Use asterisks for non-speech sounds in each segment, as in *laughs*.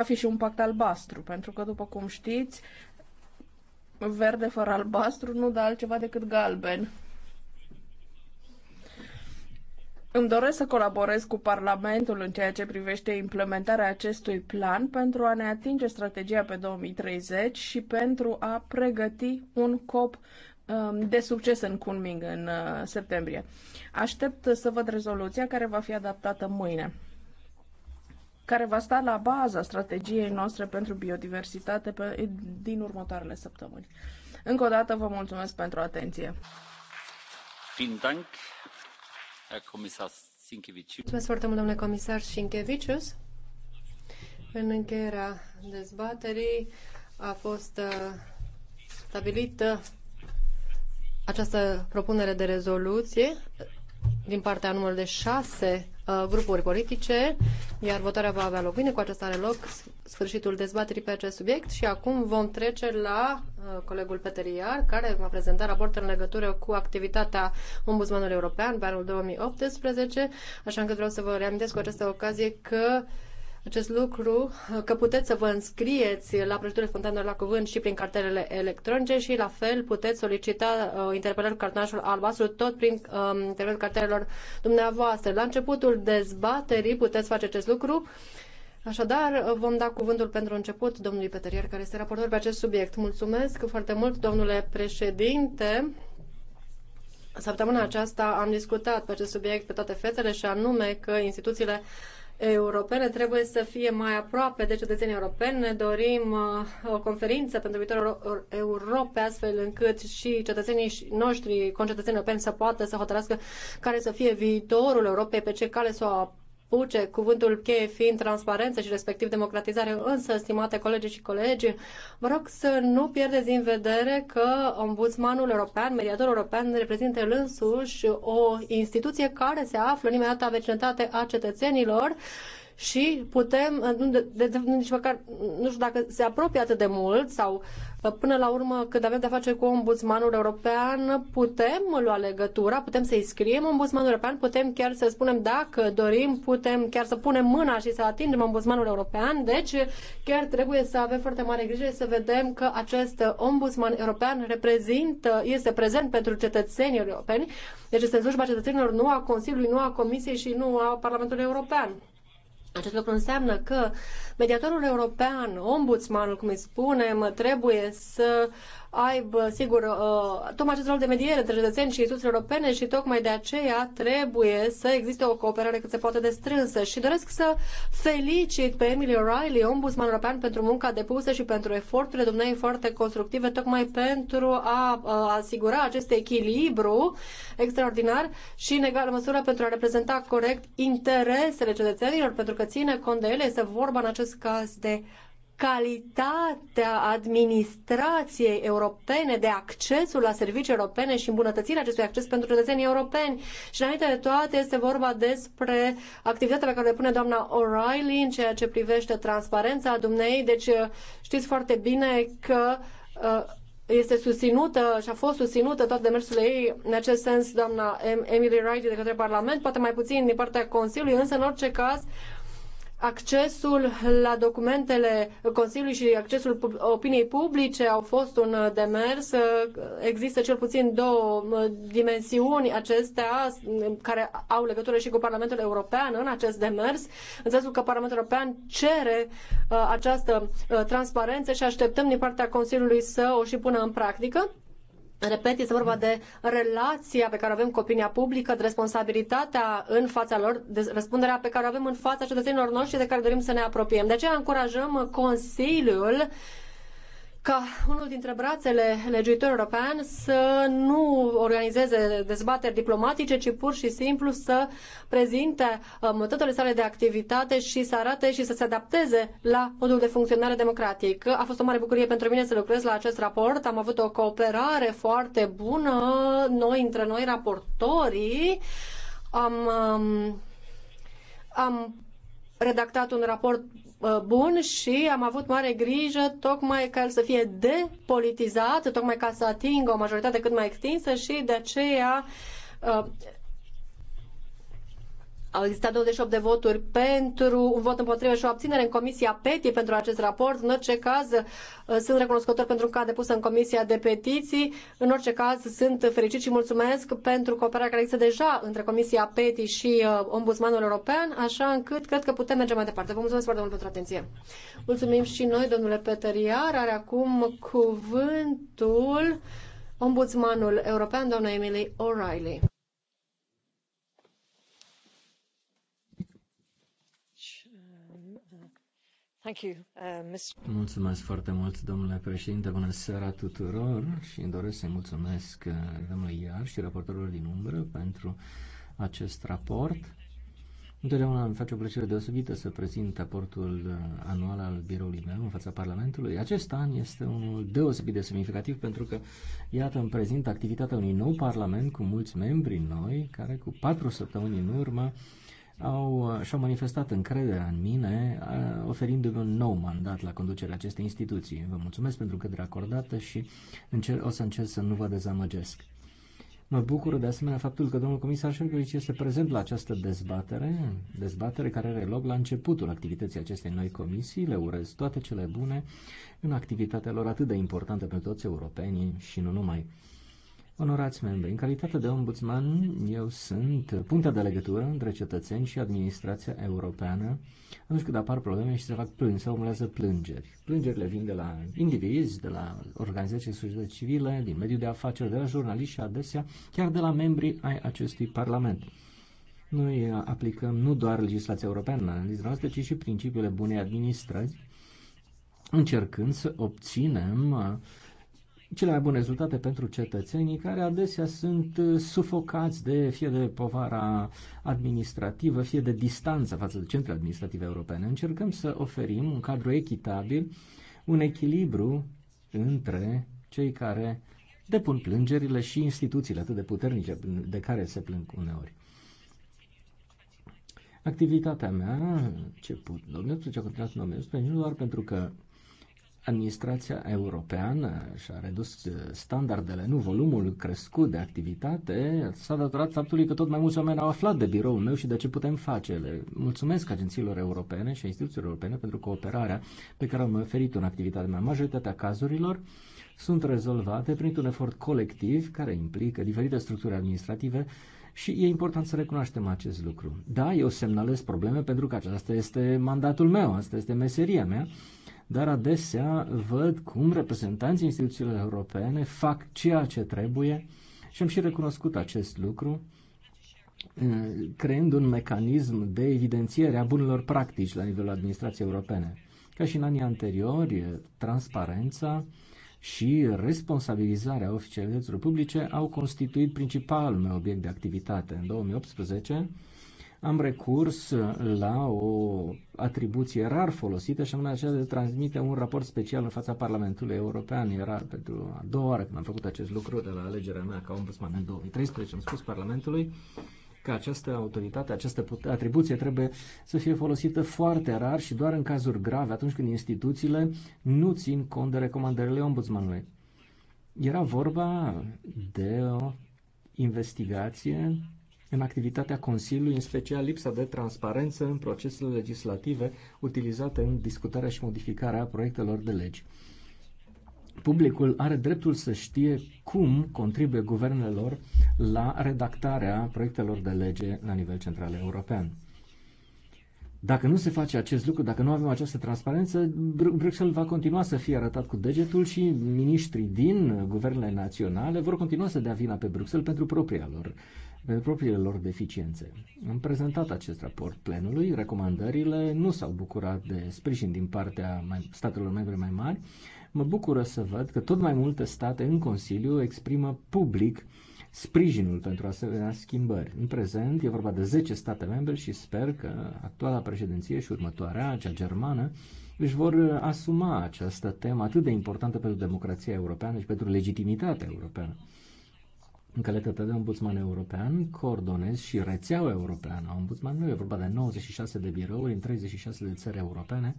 va fi și un pact albastru, pentru că, după cum știți, verde fără albastru nu dă altceva decât galben. Îmi doresc să colaborez cu Parlamentul în ceea ce privește implementarea acestui plan pentru a ne atinge strategia pe 2030 și pentru a pregăti un COP um, de succes în Kunming în uh, septembrie. Aștept să văd rezoluția care va fi adaptată mâine care va sta la baza strategiei noastre pentru biodiversitate pe, din următoarele săptămâni. Încă o dată vă mulțumesc pentru atenție. Mulțumesc foarte mult, domnule comisar Sinkevicius. În încheierea dezbaterii a fost uh, stabilită această propunere de rezoluție din partea numărul de șase Uh, grupuri politice, iar votarea va avea loc mâine. Cu acesta are loc sfârșitul dezbaterii pe acest subiect și acum vom trece la uh, colegul Peter Iar, care va prezenta raportul în legătură cu activitatea Ombudsmanului European pe anul 2018, așa încât vreau să vă reamintesc cu această ocazie că acest lucru, că puteți să vă înscrieți la prăjitură spontană la cuvânt și prin cartelele electronice și la fel puteți solicita uh, interpelări cu cartonașul albastru tot prin uh, intermediul cartelelor dumneavoastră. La începutul dezbaterii puteți face acest lucru. Așadar, vom da cuvântul pentru început domnului Petărier, care este raportor pe acest subiect. Mulțumesc foarte mult, domnule președinte. Săptămâna aceasta am discutat pe acest subiect pe toate fețele și anume că instituțiile uh, europene trebuie să fie mai aproape de cetățenii europeni. Ne dorim uh, o conferință pentru viitorul Europei, astfel încât și cetățenii noștri, concetățenii europeni, să poată să hotărască care să fie viitorul Europei, pe ce cale să o puce, cuvântul cheie fiind transparență și respectiv democratizare. Însă, stimate colegi și colegi, vă rog să nu pierdeți din vedere că ombudsmanul european, mediatorul european, reprezintă el însuși o instituție care se află în imediata vecinătate a cetățenilor și putem, uh, nu, de, de, nici măcar, nu știu dacă se apropie atât de mult sau uh, până la urmă când avem de-a face cu ombudsmanul european, putem lua legătura, putem să-i scriem ombudsmanul european, putem chiar să spunem dacă dorim, putem chiar să punem mâna și să atingem ombudsmanul european, deci chiar trebuie să avem foarte mare grijă să vedem că acest ombudsman european reprezintă, este prezent pentru cetățenii europeni, deci este slujba cetățenilor, nu a Consiliului, nu a Comisiei și nu a Parlamentului European. Acest lucru înseamnă că mediatorul european, ombudsmanul, cum îi spunem, trebuie să aibă, sigur, uh, tocmai acest rol de mediere între cetățeni și instituțiile europene și tocmai de aceea trebuie să existe o cooperare cât se poate de strânsă. Și doresc să felicit pe Emily O'Reilly, ombudsman european, pentru munca depusă și pentru eforturile dumneavoastră foarte constructive, tocmai pentru a, uh, asigura acest echilibru extraordinar și, în egală măsură, pentru a reprezenta corect interesele cetățenilor, pentru că ține cont de ele, este vorba în acest caz de calitatea administrației europene, de accesul la servicii europene și îmbunătățirea acestui acces pentru cetățenii europeni. Și înainte de toate este vorba despre activitatea pe care le pune doamna O'Reilly în ceea ce privește transparența dumnei. Deci știți foarte bine că uh, este susținută și a fost susținută toate demersurile ei, în acest sens, doamna Emily Wright de către Parlament, poate mai puțin din partea Consiliului, însă în orice caz accesul la documentele Consiliului și accesul opiniei publice au fost un demers. Există cel puțin două uh, dimensiuni acestea um, care au legătură și cu Parlamentul European în acest demers, în sensul că Parlamentul European cere uh, această uh, transparență și așteptăm din partea Consiliului să o și pună în practică. Repet, este vorba de relația pe care o avem cu opinia publică, de responsabilitatea în fața lor, de răspunderea pe care o avem în fața cetățenilor noștri de care dorim să ne apropiem. De aceea încurajăm Consiliul uh, ca unul dintre brațele legiuitorului european să nu organizeze dezbateri diplomatice, ci pur și simplu să prezinte metodele um, sale de activitate și să arate și să se adapteze la modul de funcționare democratic. A fost o mare bucurie pentru mine să lucrez la acest raport. Am avut o cooperare foarte bună, noi între noi raportorii. Am, um, am redactat un raport Uh, bun și am avut mare grijă tocmai ca să fie depolitizat, tocmai ca să atingă o majoritate cât mai extinsă și de aceea uh, au existat 28 de voturi pentru, un vot împotrivă și o abținere în Comisia PETI pentru acest raport. În orice caz, uh, sunt recunoscător pentru că a depus în Comisia de Petiții. În orice caz, sunt fericit și mulțumesc pentru cooperarea care există deja între Comisia PETI și uh, Ombudsmanul European, așa încât cred că putem merge mai departe. Vă mulțumesc foarte mult pentru atenție. Mulțumim și noi, domnule Petăriar. Are acum cuvântul Ombudsmanul European, doamna Emily O'Reilly. Uh, mulțumesc foarte mult, domnule președinte. Bună seara tuturor și îmi doresc să-i mulțumesc uh, domnului Iar și raportorilor din umbră pentru acest raport. Întotdeauna îmi face o plăcere deosebită să prezint raportul uh, anual al biroului meu în fața Parlamentului. Acest an este unul deosebit de semnificativ pentru că, iată, îmi prezint activitatea unui nou Parlament cu mulți membri noi, care cu patru săptămâni în urmă au, uh, și-au manifestat încrederea în mine, uh, oferindu-mi un nou mandat la conducerea acestei instituții. Vă mulțumesc pentru încrederea acordată și încer- o să încerc să nu vă dezamăgesc. Mă bucur de asemenea faptul că domnul comisar Șergălici este prezent la această dezbatere, dezbatere care are loc la începutul activității acestei noi comisii. Le urez toate cele bune în activitatea lor atât de importantă pentru toți europenii și nu numai. Onorați membri, în calitate de ombudsman, eu sunt puntea de legătură între cetățeni și administrația europeană atunci când apar probleme și se fac plâns se omulează plângeri. Plângerile vin de la indivizi, de la organizații societăți civile, din mediul de afaceri, de la jurnaliști și adesea chiar de la membrii ai acestui parlament. Noi aplicăm nu doar legislația europeană în noastră, ci și principiile bunei administrări, încercând să obținem uh, cele mai bune rezultate pentru cetățenii care adesea sunt uh, sufocați de fie de povara administrativă, fie de distanță față de centrele administrative europene. Încercăm să oferim un cadru echitabil, un echilibru între cei care depun plângerile și instituțiile atât de puternice de care se plâng uneori. Activitatea mea, început în 2018, a continuat în 2018, nu doar pentru că administrația europeană și-a redus eh, standardele, nu volumul crescut de activitate, s-a datorat faptului că tot mai mulți oameni au aflat de biroul meu și de ce putem face. Le mulțumesc agențiilor europene și instituțiilor europene pentru cooperarea pe care am oferit-o în activitatea mea. Majoritatea cazurilor sunt rezolvate printr-un efort colectiv care implică diferite structuri administrative și e important să recunoaștem acest lucru. Da, eu semnalez probleme pentru că acesta este mandatul meu, asta este meseria mea dar adesea văd cum reprezentanții instituțiilor europene fac ceea ce trebuie și am și recunoscut acest lucru, uh, creând un mecanism de evidențiere a bunelor practici la nivelul administrației europene. Ca și în anii anteriori, transparența și responsabilizarea oficialităților publice au constituit principalul meu obiect de activitate. În 2018, am recurs la o atribuție rar folosită și anume aceea de a transmite un raport special în fața Parlamentului European. Era pentru a doua oară când am făcut acest lucru de la alegerea mea ca ombudsman în 2013. Am spus Parlamentului că această autoritate, această atribuție trebuie să fie folosită foarte rar și doar în cazuri grave, atunci când instituțiile nu țin cont de recomandările ombudsmanului. Era vorba de o investigație în activitatea Consiliului, în special lipsa de transparență în procesele legislative utilizate în discutarea și modificarea proiectelor de legi. Publicul are dreptul să știe cum contribuie guvernelor la redactarea proiectelor de lege la nivel central european. Dacă nu se face acest lucru, dacă nu avem această transparență, Bruxelles va continua să fie arătat cu degetul și miniștrii din guvernele naționale vor continua să dea vina pe Bruxelles pentru propria lor pentru propriile lor deficiențe. Am prezentat acest raport plenului, recomandările nu s-au bucurat de sprijin din partea mai, statelor membre mai mari. Mă bucură să văd că tot mai multe state în Consiliu exprimă public sprijinul pentru asemenea schimbări. În prezent e vorba de 10 state membre și sper că actuala președinție și următoarea, cea germană, își vor asuma această temă atât de importantă pentru democrația europeană și pentru legitimitatea europeană în calitate de ombudsman european, coordonez și rețeaua europeană a ombudsmanului, e vorba de 96 de birouri în 36 de țări europene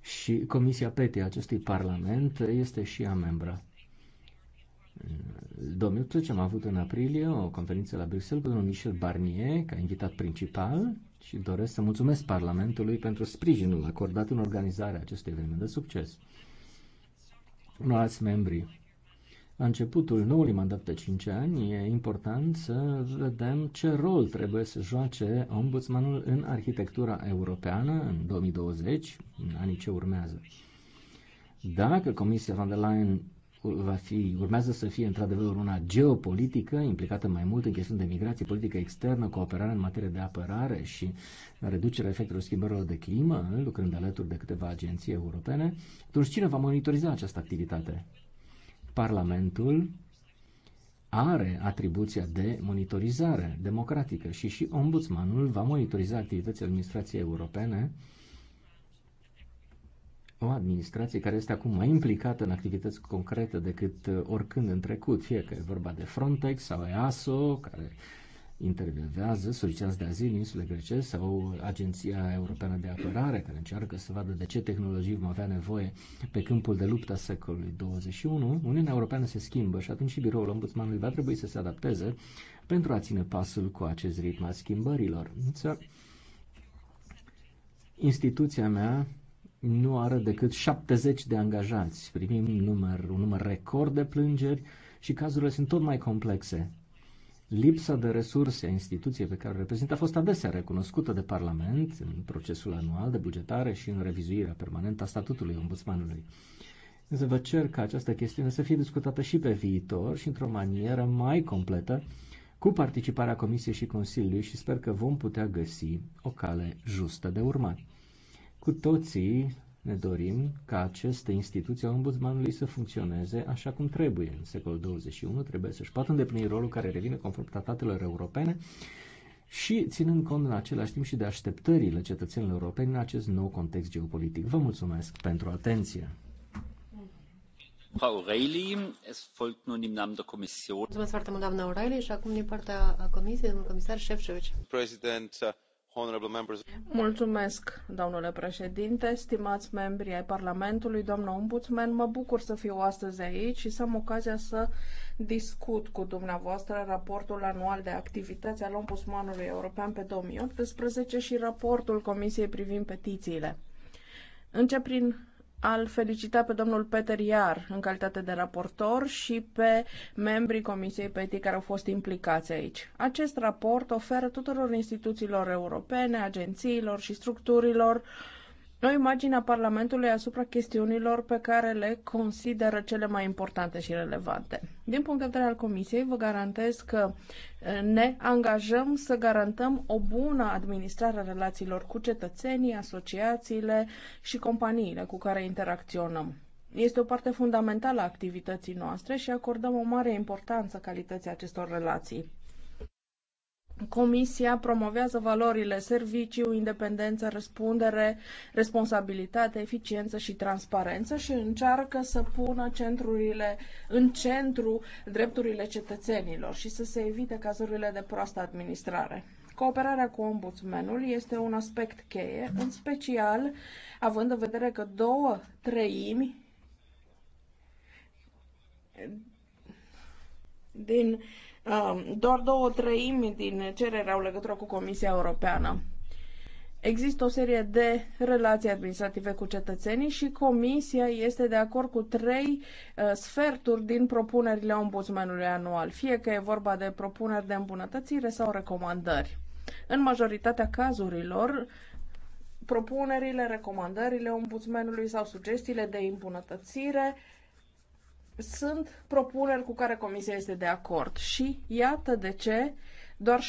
și Comisia PETI acestui parlament este și a membră. Domnul ce am avut în aprilie o conferință la Bruxelles cu domnul Michel Barnier ca invitat principal și doresc să mulțumesc Parlamentului pentru sprijinul acordat în organizarea acestui eveniment de succes. Onorați membrii, la începutul noului mandat de 5 ani, e important să vedem ce rol trebuie să joace ombudsmanul în arhitectura europeană în 2020, în anii ce urmează. Dacă Comisia van der Leyen va fi, urmează să fie într-adevăr una geopolitică, implicată mai mult în chestiuni de migrație, politică externă, cooperare în materie de apărare și reducerea efectelor schimbărilor de climă, lucrând alături de câteva agenții europene, atunci cine va monitoriza această activitate? Parlamentul are atribuția de monitorizare democratică și și ombudsmanul va monitoriza activitățile administrației europene, o administrație care este acum mai implicată în activități concrete decât uh, oricând în trecut, fie că e vorba de Frontex sau EASO, care uh, intervievează solicitanți de azil în insule grece sau Agenția Europeană de Apărare, care încearcă să vadă de ce tehnologii vom avea nevoie pe câmpul de luptă a secolului 21, Uniunea Europeană se schimbă și atunci și biroul ombudsmanului va trebui să se adapteze pentru a ține pasul cu acest ritm al schimbărilor. Însă, instituția mea nu are decât 70 de angajați. Primim număr, un număr record de plângeri și cazurile sunt tot mai complexe. Lipsa de resurse a instituției pe care o reprezintă a fost adesea recunoscută de Parlament în procesul anual de bugetare și în revizuirea permanentă a statutului ombudsmanului. Însă vă cer ca această chestiune să fie discutată și pe viitor și într-o manieră mai completă cu participarea Comisiei și Consiliului și sper că vom putea găsi o cale justă de urmat. Cu toții ne dorim ca aceste instituții a ombudsmanului să funcționeze așa cum trebuie. În secolul 21 trebuie să-și poată îndeplini rolul care revine conform tratatelor europene și ținând cont în același timp și de așteptările cetățenilor europeni în acest nou context geopolitic. Vă mulțumesc pentru atenție! Frau es Mulțumesc foarte mult, doamna O'Reilly, și acum din partea Comisiei, domnul comisar Șefcevici. President, uh, Mulțumesc, domnule președinte, stimați membri ai Parlamentului, domnul ombudsman, mă bucur să fiu astăzi aici și să am ocazia să discut cu dumneavoastră raportul anual de activități al Ombudsmanului European pe 2018 și raportul Comisiei privind petițiile. Încep prin al felicita pe domnul Peter Iar în calitate de raportor și pe membrii Comisiei PETI care au fost implicați aici. Acest raport oferă tuturor instituțiilor europene, agențiilor și structurilor uh, o imagine a Parlamentului asupra chestiunilor pe care le consideră cele mai importante și relevante. Din punct de vedere al Comisiei, vă garantez că eh, ne angajăm să garantăm o bună administrare a relațiilor cu cetățenii, asociațiile și companiile cu care interacționăm. Este o parte fundamentală a activității noastre și acordăm o mare importanță calității acestor relații. Comisia promovează valorile serviciu, independență, răspundere, responsabilitate, eficiență și transparență și încearcă să pună centrurile în centru drepturile cetățenilor și să se evite cazurile de proastă administrare. Cooperarea cu ombudsmenul este un aspect cheie, în special având în vedere că două treimi din uh, din Um, doar două treimi din cererea au legătură cu Comisia Europeană. Există o serie de relații administrative cu cetățenii și Comisia este de acord cu trei uh, sferturi din propunerile ombudsmanului anual, fie că e vorba de propuneri de îmbunătățire sau recomandări. În majoritatea cazurilor, propunerile, recomandările ombudsmanului sau sugestiile de îmbunătățire uh, sunt propuneri cu care Comisia este de acord și iată de ce doar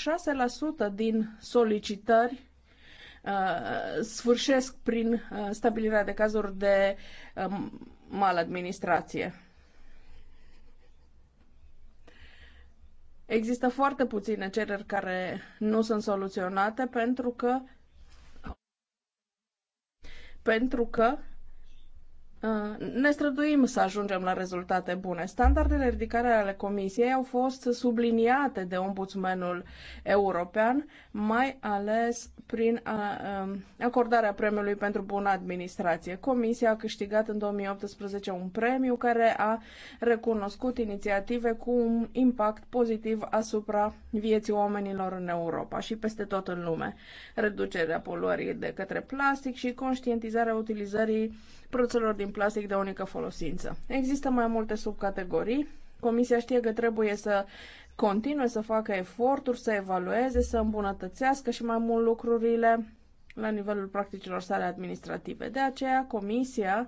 6% din solicitări uh, sfârșesc prin uh, stabilirea de cazuri de um, maladministrație. Există foarte puține cereri care nu sunt soluționate pentru că pentru că Uh, ne străduim să ajungem la rezultate bune. Standardele ridicare ale Comisiei au fost subliniate de Ombudsmanul European, mai ales prin uh, um, acordarea premiului pentru bună administrație. Comisia a câștigat în 2018 un premiu care a recunoscut inițiative cu un impact pozitiv asupra vieții oamenilor în Europa și peste tot în lume. Reducerea poluării de către plastic și conștientizarea utilizării produselor din din plastic de unică folosință. Există mai multe subcategorii. Comisia știe că trebuie să continue să facă eforturi, să evalueze, să îmbunătățească și mai mult lucrurile la nivelul practicilor sale administrative. De aceea, Comisia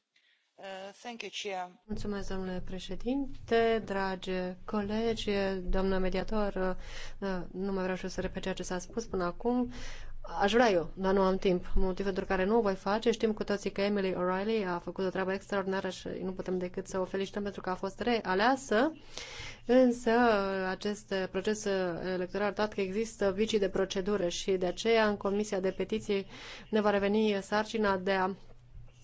domnule președinte, dragi colegi, doamnă mediator, uh, nu mai vreau și eu să repet ceea ce s-a spus până acum. Aș vrea eu, dar nu am timp. Motiv pentru care nu o voi face. Știm cu toții că Emily O'Reilly a făcut o treabă extraordinară și nu putem decât să o felicităm pentru că a fost realeasă. Însă acest proces electoral a dat că există vicii de procedură și de aceea în Comisia de Petiții ne va reveni sarcina de a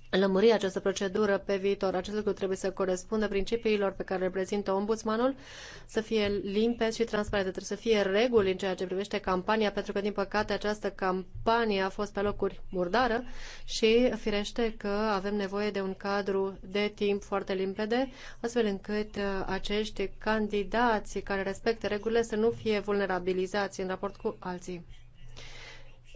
lămuri această procedură pe viitor. Acest lucru trebuie să corespundă principiilor pe care le prezintă ombudsmanul, să fie limpezi și transparente. Trebuie să fie reguli în ceea ce privește campania, pentru că, din păcate, această campanie a fost pe locuri murdară și firește că avem nevoie de un cadru de timp foarte limpede, astfel încât uh, acești candidați care respectă regulile să nu fie vulnerabilizați în raport cu alții.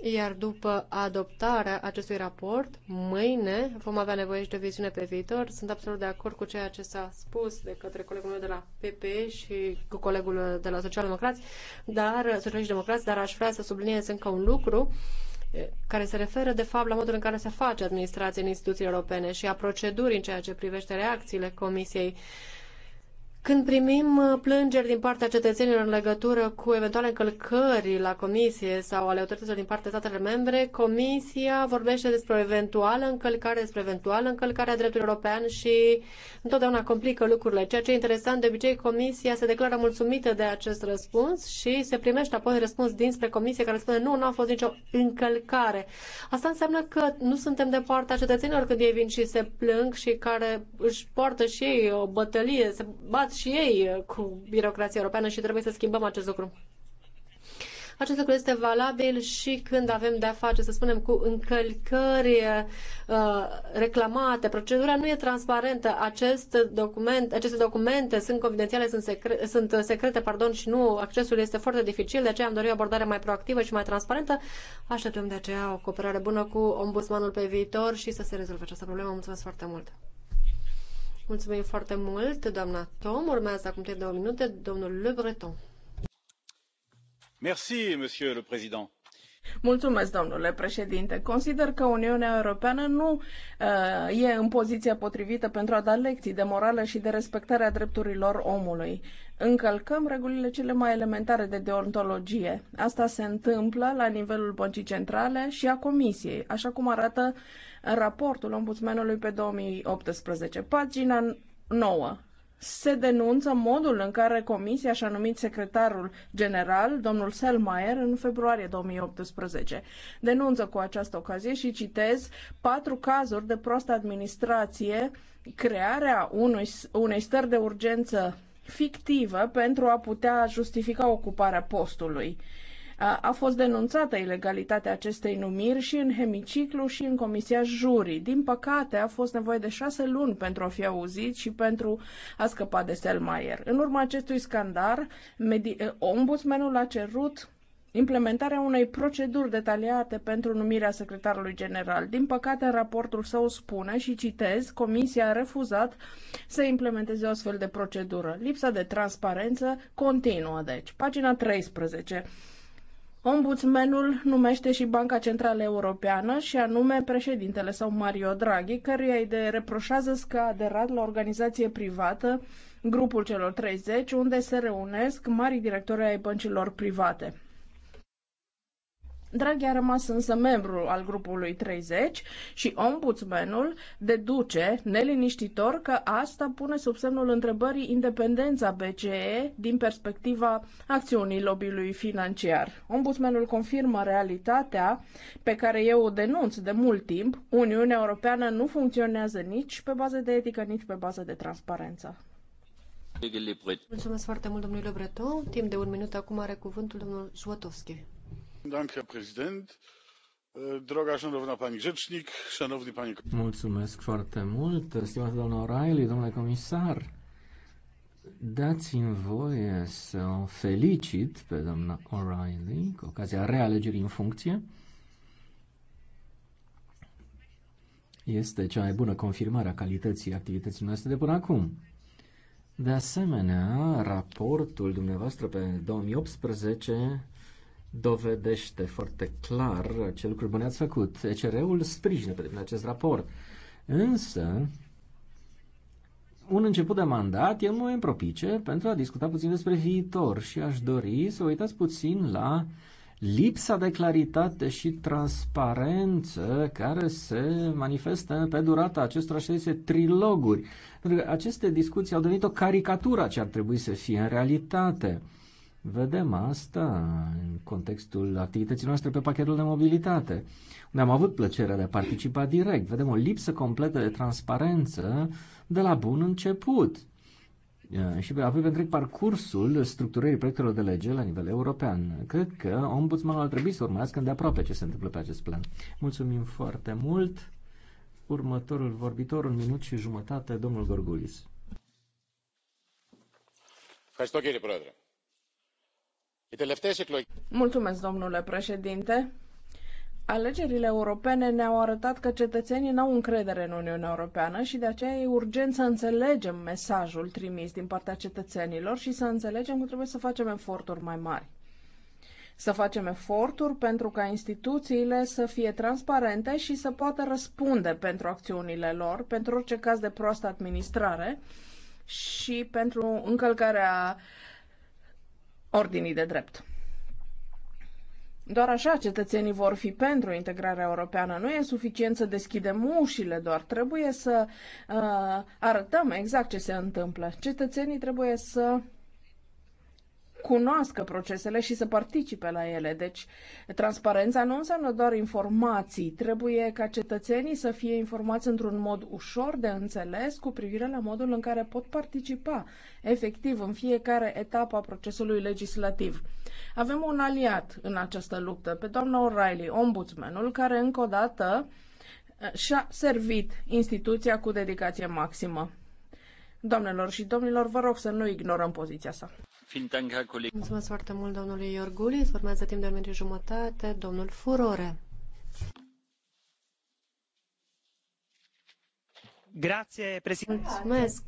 Iar după adoptarea acestui raport, mâine vom avea nevoie și de viziune pe viitor. Sunt absolut de acord cu ceea ce s-a spus de către colegul meu de la PP și cu colegul de la Social Democrați, dar, Socialiști Democrați, dar aș vrea să subliniez încă un lucru care se referă, de fapt, la modul în care se face administrația în instituțiile europene și a procedurii în ceea ce privește reacțiile Comisiei uh, când primim uh, plângeri din partea cetățenilor în legătură cu eventuale încălcări la comisie sau ale autorităților din partea statelor membre, comisia vorbește despre o eventuală încălcare, despre eventuală încălcare a dreptului european și întotdeauna complică lucrurile. Ceea ce e interesant, de obicei comisia se declară mulțumită de acest răspuns și se primește apoi răspuns dinspre comisie care spune nu, nu a fost nicio încălcare. Asta înseamnă că nu suntem de partea cetățenilor când ei vin și se plâng și care își poartă și ei o bătălie, se bat confruntați și ei uh, cu birocrația europeană și trebuie să schimbăm acest lucru. Acest lucru este valabil și când avem de-a face, să spunem, cu încălcări uh, reclamate. Procedura nu e transparentă. Acest document, aceste documente sunt confidențiale, sunt, secre, sunt secrete pardon, și nu accesul este foarte dificil, de aceea am dorit o abordare mai proactivă și mai transparentă. Așteptăm de aceea o cooperare bună cu ombudsmanul pe viitor și să se rezolve această problemă. Mulțumesc foarte mult! Mulțumim foarte mult, doamna Tom. Urmează acum trei două minute domnul Le Breton. Merci, monsieur le président. Mulțumesc, domnule președinte. Consider că Uniunea Europeană nu uh, e în poziția potrivită pentru a da lecții de morală și de respectarea drepturilor omului. Încălcăm regulile cele mai elementare de deontologie. Asta se întâmplă la nivelul băncii centrale și a comisiei, așa cum arată uh, raportul ombudsmanului pe 2018, pagina 9 se denunță modul în care comisia și-a numit secretarul general, domnul Selmayr, în februarie 2018. Denunță cu această ocazie și citez patru cazuri de proastă administrație, crearea unui, unei stări de urgență fictivă pentru a putea justifica ocuparea postului. A fost denunțată ilegalitatea acestei numiri și în hemiciclu și în comisia jurii. Din păcate, a fost nevoie de șase luni pentru a fi auzit și pentru a scăpa de Selmayr. În urma acestui scandal, eh, ombudsmanul a cerut implementarea unei proceduri detaliate pentru numirea secretarului general. Din păcate, în raportul său spune și citez, Comisia a refuzat să implementeze o astfel de procedură. Lipsa de transparență continuă, deci. Pagina 13. Ombudsmanul numește și Banca Centrală Europeană și anume președintele sau Mario Draghi, căruia îi de reproșează că a aderat la organizație privată, grupul celor 30, unde se reunesc mari directori ai băncilor private. Draghi a rămas însă membru al grupului 30 și ombudsmanul deduce neliniștitor că asta pune sub semnul întrebării independența BCE din perspectiva acțiunii lobby-ului financiar. Ombudsmanul confirmă realitatea pe care eu o denunț de mult timp. Uniunea Europeană nu funcționează nici pe bază de etică, nici pe bază de transparență. Mulțumesc foarte mult, domnule Breton. Timp de un minut acum are cuvântul domnul Jwotovski doamnă președintă äh, Droga șanovna pani rzecznik, șanovni pani... Mulțumesc foarte mult, stimată doamna O'Reilly, domnule comisar. Dați-mi voie să o felicit pe doamna O'Reilly cu ocazia realegerii în funcție. Este cea mai bună confirmare a calității activității noastre de până acum. De asemenea, raportul dumneavoastră pe 2018 dovedește foarte clar ce lucruri bune ați făcut. ECR-ul sprijină pe deplin acest raport. Însă, un început de mandat e un moment propice pentru a discuta puțin despre viitor și aș dori să uitați puțin la lipsa de claritate și transparență care se manifestă pe durata acestor zise triloguri. Pentru că aceste discuții au devenit o caricatură ce ar trebui să fie în realitate. Vedem asta în contextul activității noastre pe pachetul de mobilitate, unde am avut plăcerea de a participa direct. Vedem o lipsă completă de transparență de la bun început. Și avem întreg parcursul structurării proiectelor de lege la nivel european. Cred că ombudsmanul ar trebui să urmărească de aproape ce se întâmplă pe acest plan. Mulțumim foarte mult. Următorul vorbitor, un minut și jumătate, domnul Gorgulis. Mulțumesc, domnule președinte. Mulțumesc, domnule președinte. Alegerile europene ne-au arătat că cetățenii n-au încredere în Uniunea Europeană și de aceea e urgent să înțelegem mesajul trimis din partea cetățenilor și să înțelegem că trebuie să facem eforturi mai mari. Să facem eforturi pentru ca instituțiile să fie transparente și să poată răspunde pentru acțiunile lor, pentru orice caz de proastă administrare și pentru încălcarea uh, ordinii de drept. Doar așa cetățenii vor fi pentru integrarea europeană. Nu e suficient să deschidem ușile, doar trebuie să uh, arătăm exact ce se întâmplă. Cetățenii trebuie să cunoască procesele și să participe la ele. Deci, transparența nu înseamnă doar informații. Trebuie ca cetățenii să fie informați într-un mod ușor de înțeles cu privire la modul în care pot participa efectiv în fiecare etapă a procesului legislativ. Avem un aliat în această luptă, pe doamna O'Reilly, ombudsmanul, care încă o dată eh, și-a servit instituția cu dedicație maximă. Doamnelor și domnilor, vă rog să nu ignorăm poziția sa. Mulțumesc foarte mult domnului Iorgulis. Urmează timp de o minut jumătate domnul Furore. Grazie, Mulțumesc.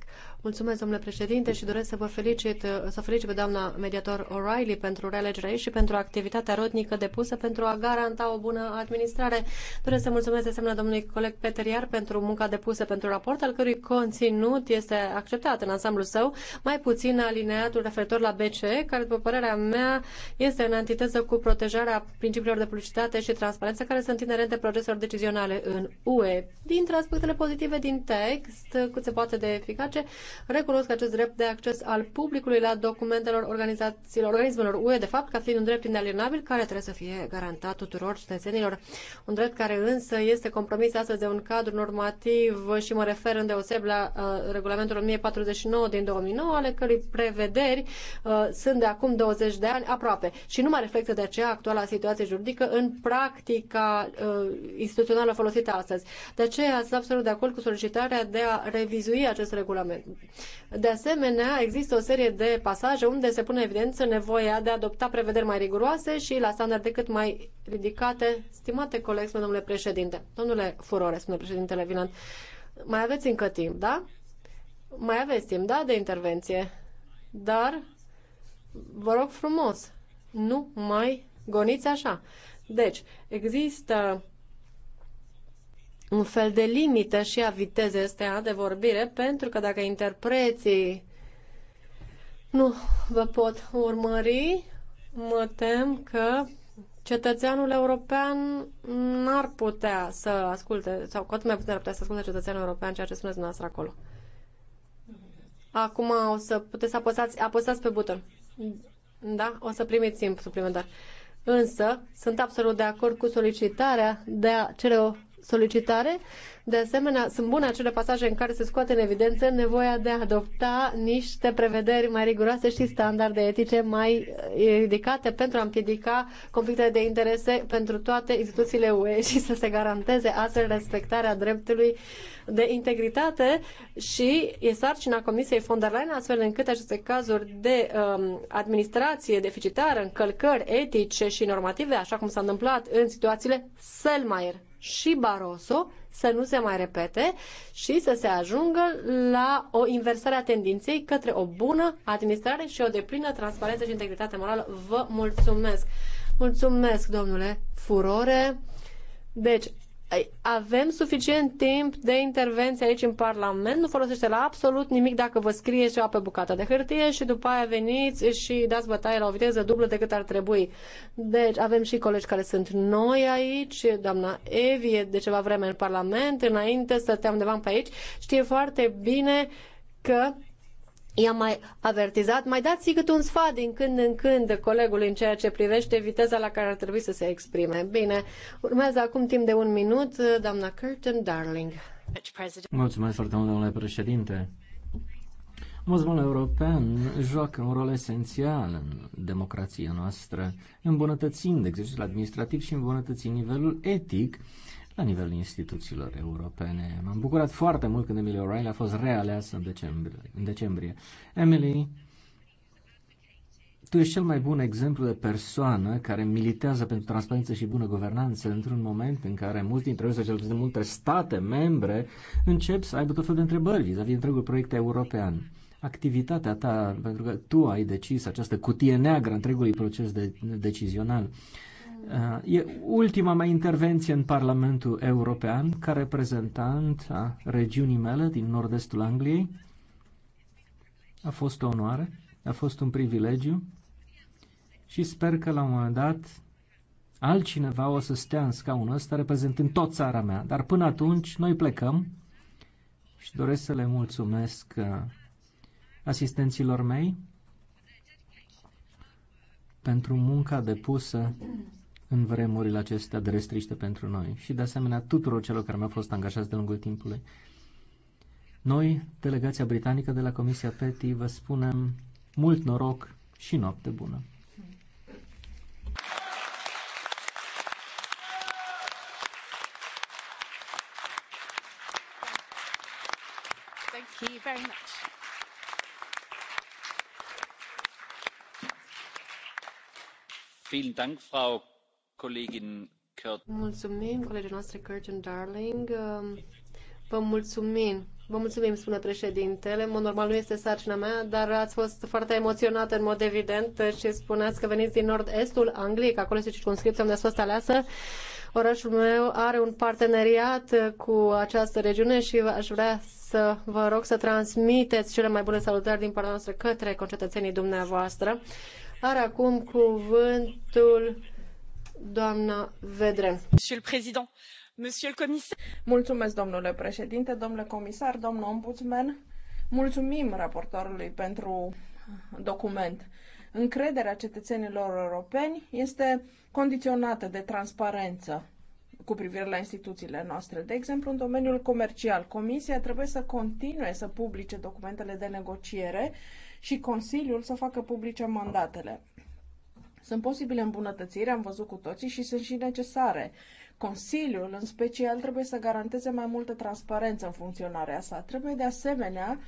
Mulțumesc, domnule președinte, și doresc să vă felicit, să felicit pe doamna mediator O'Reilly pentru realegerea ei și pentru activitatea rodnică depusă pentru a garanta o bună administrare. Doresc să mulțumesc de asemenea domnului coleg Peter Iar pentru munca depusă pentru raport, al cărui conținut este acceptat în ansamblul său, mai puțin alineatul referitor la BCE, care, după părerea mea, este în antiteză cu protejarea principiilor de publicitate și transparență care sunt inerente proceselor decizionale în UE. Dintre aspectele pozitive din text, cât se poate de eficace, recunosc acest drept de acces al publicului la documentelor organizațiilor, organismelor UE, de fapt, ca fiind un drept inalienabil care trebuie să fie garantat tuturor cetățenilor. Un drept care însă este compromis astăzi de un cadru normativ și mă refer deoseb la uh, regulamentul 1049 din 2009, ale cărui prevederi uh, sunt de acum 20 de ani aproape și nu mai reflectă de aceea actuala situație juridică în practica uh, instituțională folosită astăzi. De aceea sunt absolut de acord cu solicitarea de a revizui acest regulament. De asemenea, există o serie de pasaje unde se pune evidență nevoia de a adopta prevederi mai riguroase și la standarde cât mai ridicate. Stimate colegi, spune domnule președinte, domnule Furore, spune președintele Vinland, mai aveți încă timp, da? Mai aveți timp, da, de intervenție, dar vă rog frumos, nu mai goniți așa. Deci, există un fel de limită și a vitezei este de vorbire, pentru că dacă interpreții nu vă pot urmări, mă tem că cetățeanul european n-ar putea să asculte, sau cu atât mai puțin ar putea să asculte cetățeanul european ceea ce spuneți dumneavoastră acolo. Acum o să puteți să apăsați, apăsați pe buton. Da? O să primiți timp suplimentar. Însă, sunt absolut de acord cu solicitarea de a cere o solicitare. De asemenea, sunt bune acele pasaje în care se scoate în evidență nevoia de a adopta niște prevederi mai riguroase și standarde etice mai eh, ridicate pentru a împiedica conflictele de interese pentru toate instituțiile UE și să se garanteze astfel respectarea dreptului de integritate și e sarcina Comisiei von der Leyen astfel încât aceste cazuri de um, administrație deficitară, încălcări etice și normative, așa cum s-a întâmplat în situațiile Selmayr și Barroso să nu se mai repete și să se ajungă la o inversare a tendinței către o bună administrare și o deplină transparență și integritate morală. Vă mulțumesc! Mulțumesc, domnule Furore! Deci, avem suficient timp de intervenție aici în Parlament, nu folosește la absolut nimic dacă vă scrieți ceva pe bucata de hârtie și după aia veniți și dați bătaie la o viteză dublă decât ar trebui. Deci avem și colegi care sunt noi aici, doamna Evie de ceva vreme în Parlament, înainte să te undeva pe aici, știe foarte bine că I-am mai avertizat, mai dați câte un sfat din când în când colegului în ceea ce privește viteza la care ar trebui să se exprime. Bine, urmează acum timp de un minut, doamna Curtin Darling. Mulțumesc foarte mult, domnule președinte. Ombudsmanul european joacă un rol esențial în democrația noastră, îmbunătățind exercițiul administrativ și îmbunătățind nivelul etic la nivelul instituțiilor europene. M-am bucurat foarte mult când Emily O'Reilly a fost realeasă în decembrie. În decembrie. Emily, tu ești cel mai bun exemplu de persoană care militează pentru transparență și bună guvernanță într-un moment în care mulți dintre noi, cel puțin multe state membre, încep să aibă tot felul de întrebări vis-a-vis -vis întregul proiect european. Activitatea ta, pentru că tu ai decis această cutie neagră întregului proces de, decizional, uh, Uh, e ultima mea intervenție în Parlamentul European ca reprezentant a regiunii mele din nord-estul Angliei. A fost o onoare, a fost un privilegiu și sper că la un moment dat altcineva o să stea în scaunul ăsta reprezentând tot țara mea. Dar până atunci noi plecăm și doresc să le mulțumesc uh, asistenților mei pentru munca depusă în vremurile acestea de restriște pentru noi și de asemenea tuturor celor care mi-au fost angajați de lungul timpului. Noi, delegația britanică de la Comisia PETI, vă spunem mult noroc și noapte bună! Thank you very much. Vielen Dank, Frau Mulțumim, colegii noastre Curtin Darling. Um, vă mulțumim. Vă mulțumim, spune președintele. În mod normal nu este sarcina mea, dar ați fost foarte emoționată în mod evident și spuneați că veniți din nord-estul Angliei, că acolo este circunscripția unde ați fost aleasă. Orașul meu are un parteneriat cu această regiune și aș vrea să vă rog să transmiteți cele mai bune salutări din partea noastră către concetățenii dumneavoastră. Are acum cuvântul doamnă domnule președinte, domnule comisar, domnul ombudsman. Mulțumim raportorului pentru document. Încrederea cetățenilor europeni este condiționată de transparență cu privire la instituțiile noastre. De exemplu, în domeniul comercial, Comisia trebuie să continue să publice documentele de negociere și Consiliul să facă publice mandatele. Sunt posibile îmbunătățiri, am văzut cu toții, și sunt și necesare. Consiliul, în special, trebuie să garanteze mai multă transparență în funcționarea sa. Trebuie, de asemenea,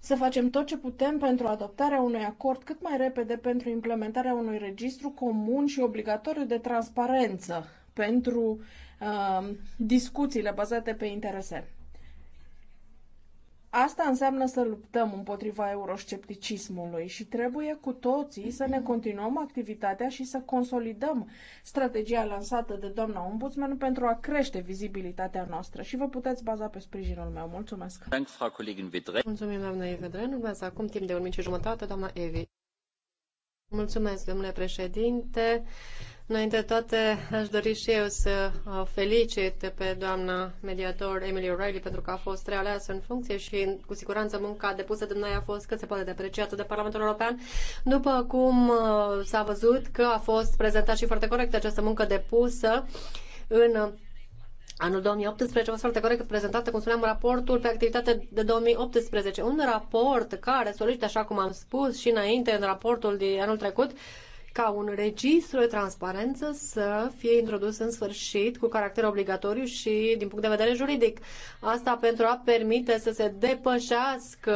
să facem tot ce putem pentru adoptarea unui acord cât mai repede pentru implementarea unui registru comun și obligatoriu de transparență pentru uh, discuțiile bazate pe interese. Asta înseamnă să luptăm împotriva euroscepticismului și trebuie cu toții să ne continuăm activitatea și să consolidăm strategia lansată de doamna ombudsman pentru a crește vizibilitatea noastră și vă puteți baza pe sprijinul meu. Mulțumesc! Mulțumim, doamna Evedren. Urmează acum timp de un minut și jumătate, doamna Evi. Mulțumesc, domnule președinte. Înainte de toate, aș dori și eu să uh, felicit pe doamna mediator Emily O'Reilly pentru că a fost realeasă în funcție și cu siguranță munca depusă de noi a fost cât se poate de apreciată de Parlamentul European. După cum uh, s-a văzut că a fost prezentat și foarte corect această muncă depusă în uh, Anul 2018 a fost foarte corect prezentată, cum spuneam, raportul pe activitate de 2018. Un raport care solicită, așa cum am spus și înainte, în raportul din anul trecut, ca un registru de transparență să fie introdus în sfârșit cu caracter obligatoriu și din punct de vedere juridic. Asta pentru a permite să se depășească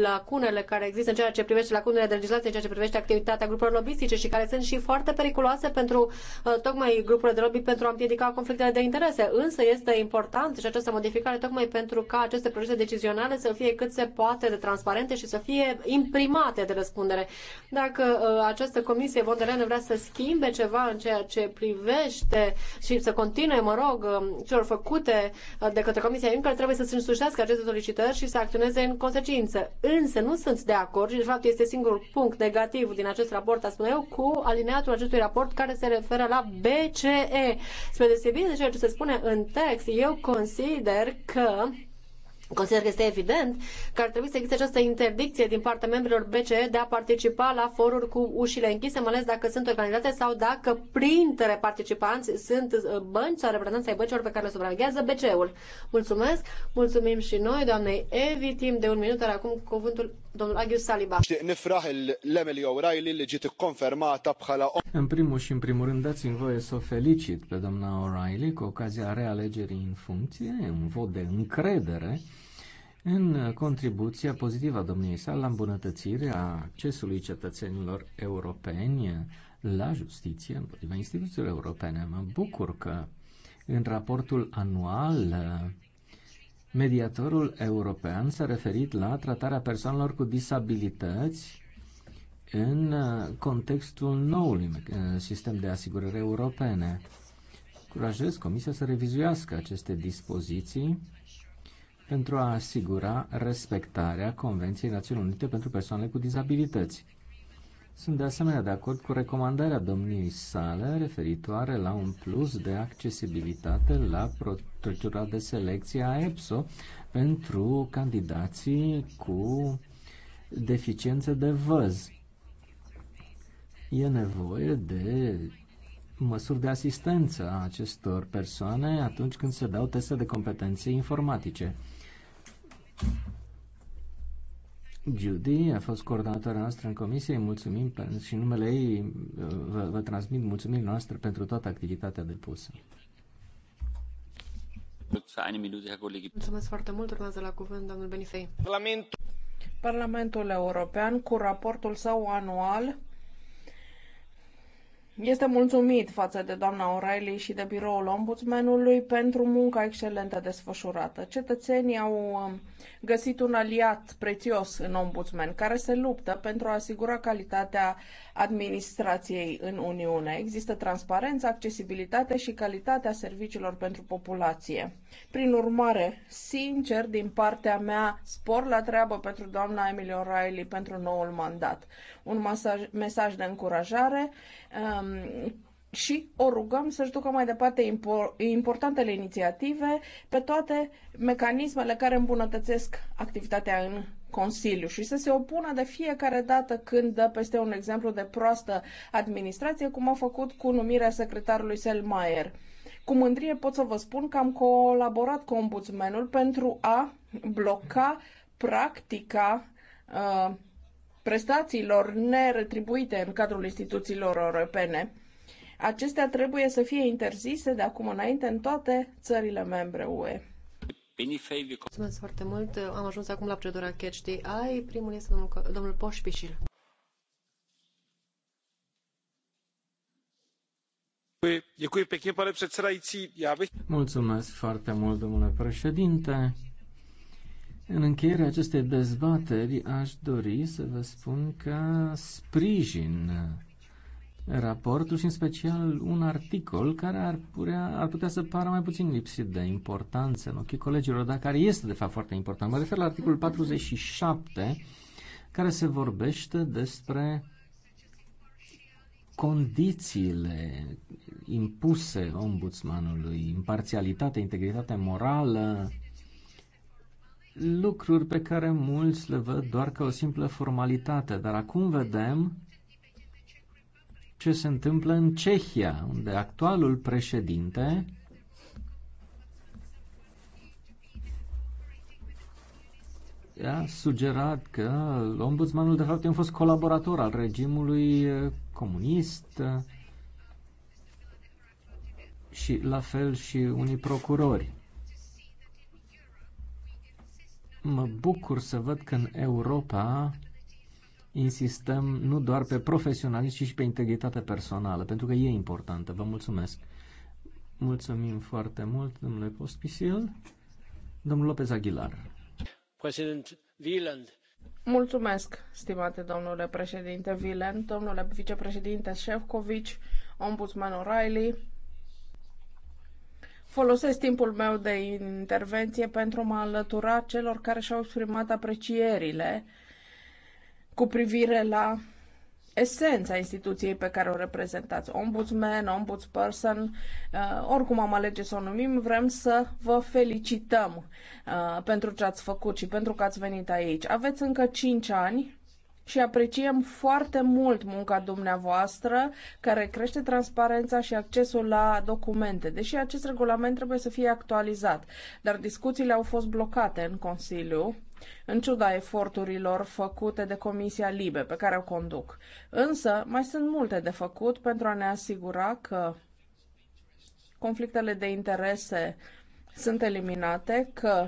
lacunele care există în ceea ce privește lacunele de legislație, în ceea ce privește activitatea grupurilor lobistice și care sunt și foarte periculoase pentru uh, tocmai grupurile de lobby pentru a împiedica conflictele de interese. Însă este important și această modificare tocmai pentru ca aceste procese decizionale să fie cât se poate de transparente și să fie imprimate de răspundere. Dacă uh, această comisie von vrea să schimbe ceva în ceea ce privește și să continue, mă rog, um, celor făcute uh, de către Comisia Juncker, trebuie să se însușească aceste solicitări și să acționeze în consecință. Însă nu sunt de acord și, de fapt, este singurul punct negativ din acest raport, a spune eu, cu alineatul acestui raport care se referă la BCE. Spre deosebire de ceea ce se spune în text, eu consider că Consider că este evident că ar trebui să existe această interdicție din partea membrilor BCE de a participa la foruri cu ușile închise, mai ales dacă sunt organizate sau dacă printre participanți sunt uh, bănci sau reprezentanți ai băncilor pe care le supraveghează BCE-ul. Mulțumesc! Mulțumim și noi, doamnei Evi. Timp de un minut, dar acum cuvântul în primul și în primul rând dați-mi voie să o felicit pe doamna O'Reilly cu ocazia realegerii în funcție, un vot de încredere în contribuția pozitivă a domniei sale la îmbunătățirea accesului cetățenilor europeni la justiție împotriva instituțiilor europene. Mă bucur că în raportul anual Mediatorul european s-a referit la tratarea persoanelor cu disabilități în uh, contextul noului uh, sistem de asigurări europene. Curajez Comisia să revizuiască aceste dispoziții pentru a asigura respectarea Convenției Națiunilor Unite pentru persoanele cu dizabilități. Sunt de asemenea de acord cu recomandarea domniei sale referitoare la un plus de accesibilitate la procedura de selecție a EPSO pentru candidații cu deficiențe de văz. E nevoie de măsuri de asistență a acestor persoane atunci când se dau teste de competențe informatice. Judy a fost coordonatoarea noastră în comisie, mulțumim și numele ei uh, vă, vă transmit mulțumiri noastre pentru toată activitatea depusă. Mulțumesc foarte mult, urmează la cuvânt domnul Benifei. Parlamentul European cu raportul său anual este mulțumit față de doamna O'Reilly și de biroul Ombudsmanului pentru munca excelentă desfășurată. Cetățenii au um, găsit un aliat prețios în ombudsman care se luptă pentru a asigura calitatea administrației în Uniune. Există transparență, accesibilitate și calitatea serviciilor pentru populație. Prin urmare, sincer, din partea mea, spor la treabă pentru doamna Emily O'Reilly pentru noul mandat. Un masaj, mesaj de încurajare um, Um, și o rugăm să-și ducă mai departe importantele inițiative pe toate mecanismele care îmbunătățesc activitatea în Consiliu și să se opună de fiecare dată când dă peste un exemplu de proastă administrație, cum a făcut cu numirea secretarului Selmayr. Cu mândrie pot să vă spun că am colaborat cu ombudsmenul pentru a bloca practica uh, prestațiilor neretribuite în cadrul instituțiilor europene. Acestea trebuie să fie interzise de acum înainte în toate țările membre UE. Mulțumesc foarte mult. Am ajuns acum la procedura Catch the Eye. Primul este domnul, domnul Poșpișil. Mulțumesc foarte mult, domnule președinte. În încheierea acestei dezbateri aș dori să vă spun că sprijin raportul și în special un articol care ar putea, ar putea să pară mai puțin lipsit de importanță în ochii colegilor, dar care este de fapt foarte important. Mă refer la articolul 47 care se vorbește despre condițiile impuse ombudsmanului, imparțialitate, integritate morală, lucruri pe care mulți le văd doar ca o simplă formalitate, dar acum vedem ce se întâmplă în Cehia, unde actualul președinte a sugerat că ombudsmanul de fapt a fost colaborator al regimului comunist și la fel și unii procurori. Mă bucur să văd că în Europa insistăm nu doar pe profesionalism, ci și pe integritatea personală, pentru că e importantă. Vă mulțumesc. Mulțumim foarte mult, domnule Pospisil. Domnul Lopez Aguilar. President Wieland. Mulțumesc, stimate domnule președinte Wieland, domnule vicepreședinte Șefcovici, ombudsman O'Reilly, Folosesc timpul meu de intervenție pentru a mă alătura celor care și-au exprimat aprecierile cu privire la esența instituției pe care o reprezentați, ombudsman, ombudsperson, uh, oricum am alege să o numim, vrem să vă felicităm uh, pentru ce ați făcut și pentru că ați venit aici. Aveți încă 5 ani și apreciem foarte mult munca dumneavoastră care crește transparența și accesul la documente, deși acest regulament trebuie să fie actualizat. Dar discuțiile au fost blocate în Consiliu în ciuda eforturilor făcute de Comisia Libe, pe care o conduc. Însă, mai sunt multe de făcut pentru a ne asigura că conflictele de interese sunt eliminate, că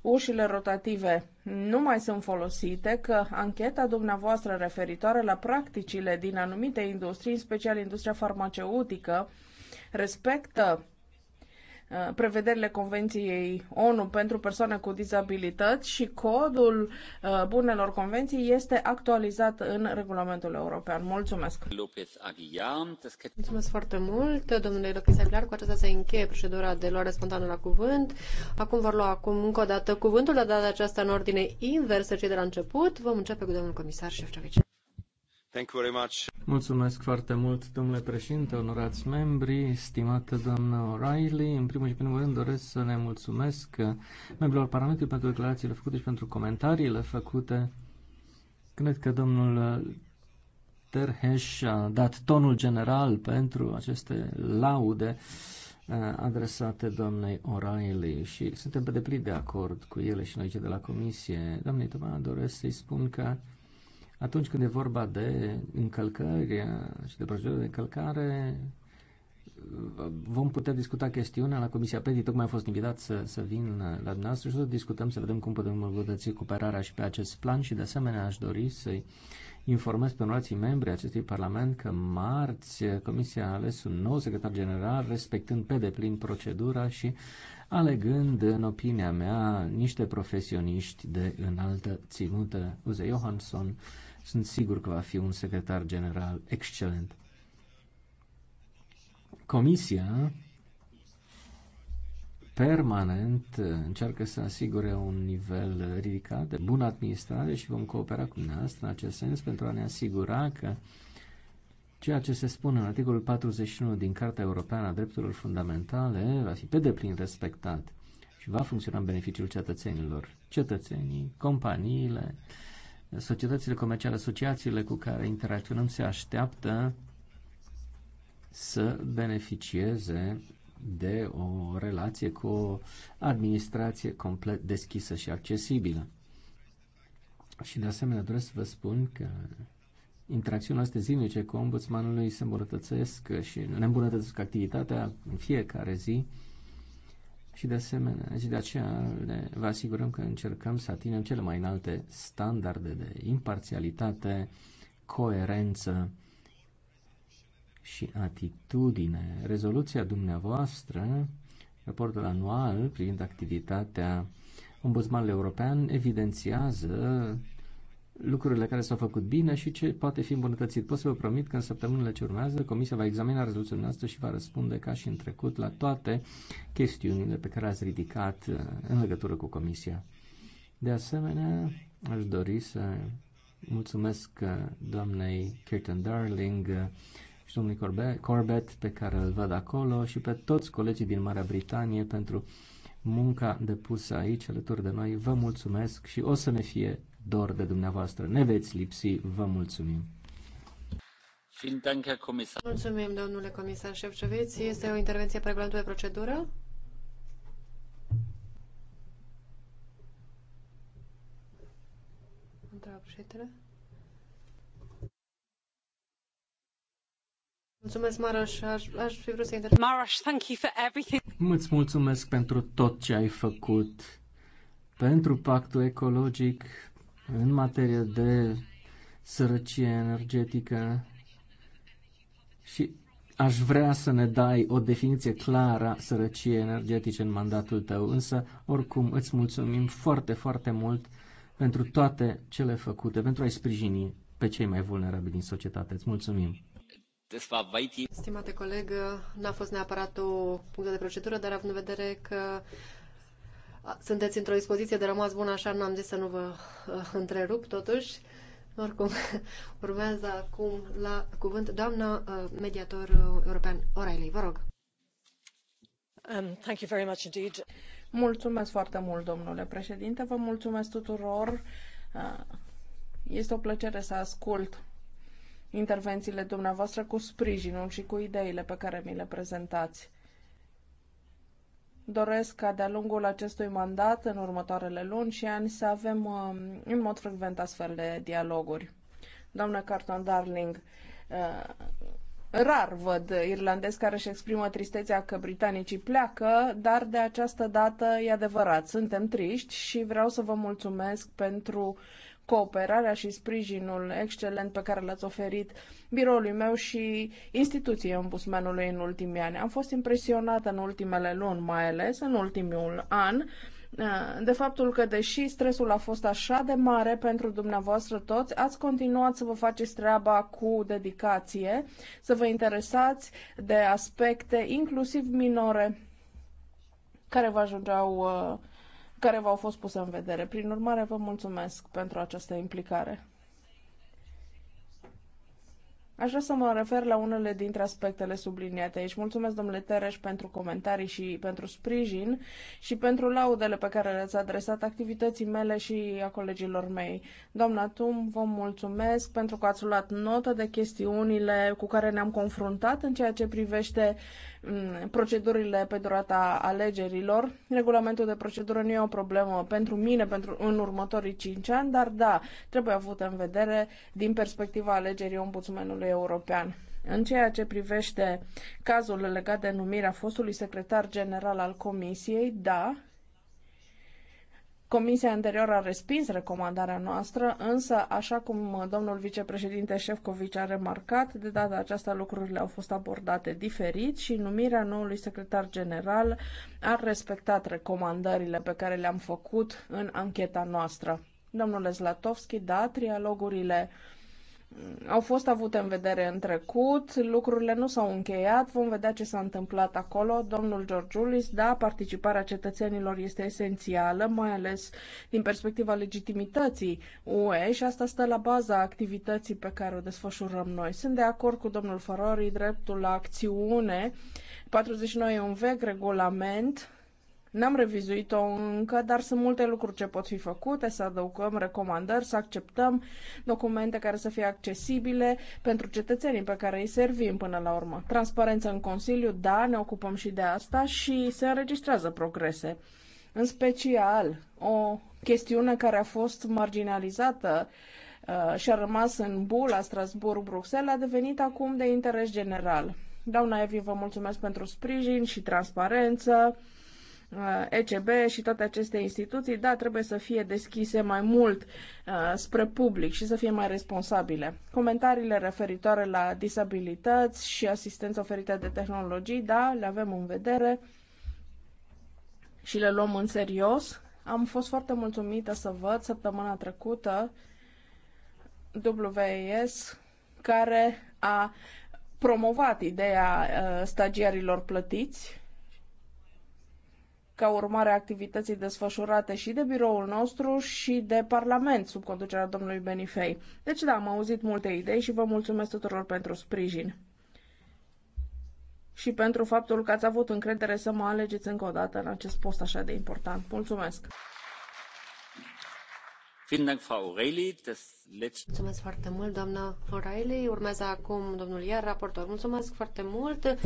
ușile rotative nu mai sunt folosite, că ancheta dumneavoastră referitoare la practicile din anumite industrii, în special industria farmaceutică, respectă Uh, prevederile Convenției ONU pentru persoane cu dizabilități și codul uh, bunelor convenții este actualizat în regulamentul european. Mulțumesc! Mulțumesc foarte mult, domnule Lopez Aguilar. Cu aceasta se încheie procedura de luare spontană la cuvânt. Acum vor lua acum încă o dată cuvântul, dar de data aceasta în ordine inversă cei de la început. Vom începe cu domnul comisar Șefcovici. Thank you very much. Mulțumesc foarte mult, domnule președinte, onorați membri, stimată doamnă O'Reilly. În primul și primul rând doresc să ne mulțumesc membrilor Parlamentului pentru declarațiile făcute și pentru comentariile făcute. Cred că domnul Terheș a dat tonul general pentru aceste laude uh, adresate doamnei O'Reilly și suntem pe deplin de acord cu ele și noi cei de la comisie. Doamnei Toma, doresc să-i spun că atunci când e vorba de încălcări uh, și de procedură de încălcare, uh, vom putea discuta chestiunea la Comisia Petit. Tocmai a fost invitat să, să vin la dumneavoastră și să discutăm, să vedem cum putem îmbunătăți cooperarea și pe acest plan și de asemenea aș dori să-i informez pe noații membri acestui Parlament că marți uh, Comisia a ales un nou secretar general respectând pe deplin procedura și alegând, în opinia mea, niște profesioniști de înaltă ținută. Uze Johansson, sunt sigur că va fi un secretar general excelent. Comisia permanent încearcă să asigure un nivel ridicat de bună administrare și vom coopera cu dumneavoastră în acest sens pentru a ne asigura că ceea ce se spune în articolul 41 din Carta Europeană a Drepturilor Fundamentale va fi pe deplin respectat și va funcționa în beneficiul cetățenilor, cetățenii, companiile, Societățile comerciale, asociațiile cu care interacționăm se așteaptă să beneficieze de o relație cu o administrație complet deschisă și accesibilă. Și de asemenea doresc să vă spun că interacțiunile astea zilnice cu ombudsmanului se îmbunătățesc și ne îmbunătățesc activitatea în fiecare zi și de asemenea, și de aceea le, vă asigurăm că încercăm să atingem cele mai înalte standarde de imparțialitate, coerență și atitudine. Rezoluția dumneavoastră, raportul anual privind activitatea Ombudsmanul European, evidențiază lucrurile care s-au făcut bine și ce poate fi îmbunătățit. Pot să vă promit că în săptămânile ce urmează Comisia va examina rezoluția noastră și va răspunde ca și în trecut la toate chestiunile pe care ați ridicat uh, în legătură cu Comisia. De asemenea, aș dori să mulțumesc uh, doamnei Kirsten Darling uh, și domnului Corbett pe care îl văd acolo și pe toți colegii din Marea Britanie pentru munca depusă aici alături de noi. Vă mulțumesc și o să ne fie dor de dumneavoastră. Ne veți lipsi, vă mulțumim! Mulțumim, domnule comisar Șefceviț. Este o intervenție pe de procedură? Mulțumesc, Maraș. Aș, aș fi vrut să Maraș, thank you for everything. Îți mulțumesc pentru tot ce ai făcut. Pentru pactul ecologic, în materie de sărăcie energetică și aș vrea să ne dai o definiție clară a sărăciei energetice în mandatul tău, însă oricum îți mulțumim foarte, foarte mult pentru toate cele făcute, pentru a-i sprijini pe cei mai vulnerabili din societate. Îți mulțumim! Stimate coleg, n-a fost neapărat o punctă de procedură, dar având în vedere că sunteți într-o dispoziție de rămas bună, așa n-am zis să nu vă uh, întrerup, totuși. Oricum, *laughs* urmează acum la cuvânt doamna uh, mediator uh, european O'Reilly. Vă rog. Um, thank you very much indeed. Mulțumesc foarte mult, domnule președinte. Vă mulțumesc tuturor. Uh, este o plăcere să ascult intervențiile dumneavoastră cu sprijinul și cu ideile pe care mi le prezentați doresc ca de-a lungul acestui mandat, în următoarele luni și ani, să avem um, în mod frecvent astfel de dialoguri. Doamnă Carton Darling, uh, rar văd irlandezi care își exprimă tristețea că britanicii pleacă, dar de această dată e adevărat, suntem triști și vreau să vă mulțumesc pentru uh, cooperarea și sprijinul excelent pe care l-ați oferit biroului meu și instituției ombudsmanului în ultimii ani. Am fost impresionată în ultimele luni, mai ales în ultimul an, uh, de faptul că, deși stresul a fost așa de mare pentru dumneavoastră toți, ați continuat să vă faceți treaba cu dedicație, să vă interesați de aspecte, inclusiv minore, care vă ajungeau uh, care v-au fost puse în vedere. Prin urmare, vă mulțumesc pentru această implicare. Aș vrea să mă refer la unele dintre aspectele subliniate aici. Mulțumesc, domnule Tereș, pentru comentarii și pentru sprijin și pentru laudele pe care le-ați adresat activității mele și a colegilor mei. Doamna Tum, vă mulțumesc pentru că ați luat notă de chestiunile cu care ne-am confruntat în ceea ce privește Mm, procedurile pe durata alegerilor. Regulamentul de procedură nu e o problemă pentru mine pentru în următorii 5 ani, dar da, trebuie avut în vedere din perspectiva alegerii ombudsmanului european. În ceea ce privește cazul legat de numirea fostului secretar general al Comisiei, da, Comisia anterioară a respins recomandarea noastră, însă, așa cum domnul vicepreședinte Șefcovici a remarcat, de data aceasta lucrurile au fost abordate diferit și numirea noului secretar general a respectat recomandările pe care le-am făcut în ancheta noastră. Domnule Zlatovski, da, trialogurile au fost avute în vedere în trecut, lucrurile nu s-au încheiat, vom vedea ce s-a întâmplat acolo. Domnul Georgiulis, da, participarea cetățenilor este esențială, mai ales din perspectiva legitimității UE și asta stă la baza activității pe care o desfășurăm noi. Sunt de acord cu domnul Farori, dreptul la acțiune. 49 e un vechi regulament N-am revizuit-o încă, dar sunt multe lucruri ce pot fi făcute, să adăugăm recomandări, să acceptăm documente care să fie accesibile pentru cetățenii pe care îi servim până la urmă. Transparență în Consiliu, da, ne ocupăm și de asta și se înregistrează progrese. În special, o chestiune care a fost marginalizată uh, și a rămas în bula Strasbourg-Bruxelles a devenit acum de interes general. Doamna Evi, vă mulțumesc pentru sprijin și transparență Uh, ECB și toate aceste instituții, da, trebuie să fie deschise mai mult uh, spre public și să fie mai responsabile. Comentariile referitoare la disabilități și asistență oferită de tehnologii, da, le avem în vedere și le luăm în serios. Am fost foarte mulțumită să văd săptămâna trecută WES care a promovat ideea uh, stagiarilor plătiți ca urmare a activității desfășurate și de biroul nostru și de Parlament sub conducerea domnului Benifei. Deci da, am auzit multe idei și vă mulțumesc tuturor pentru sprijin. Și pentru faptul că ați avut încredere să mă alegeți încă o dată în acest post așa de important. Mulțumesc! Mulțumesc foarte mult, doamna O'Reilly. Urmează acum domnul Iar, raportor. Mulțumesc foarte mult.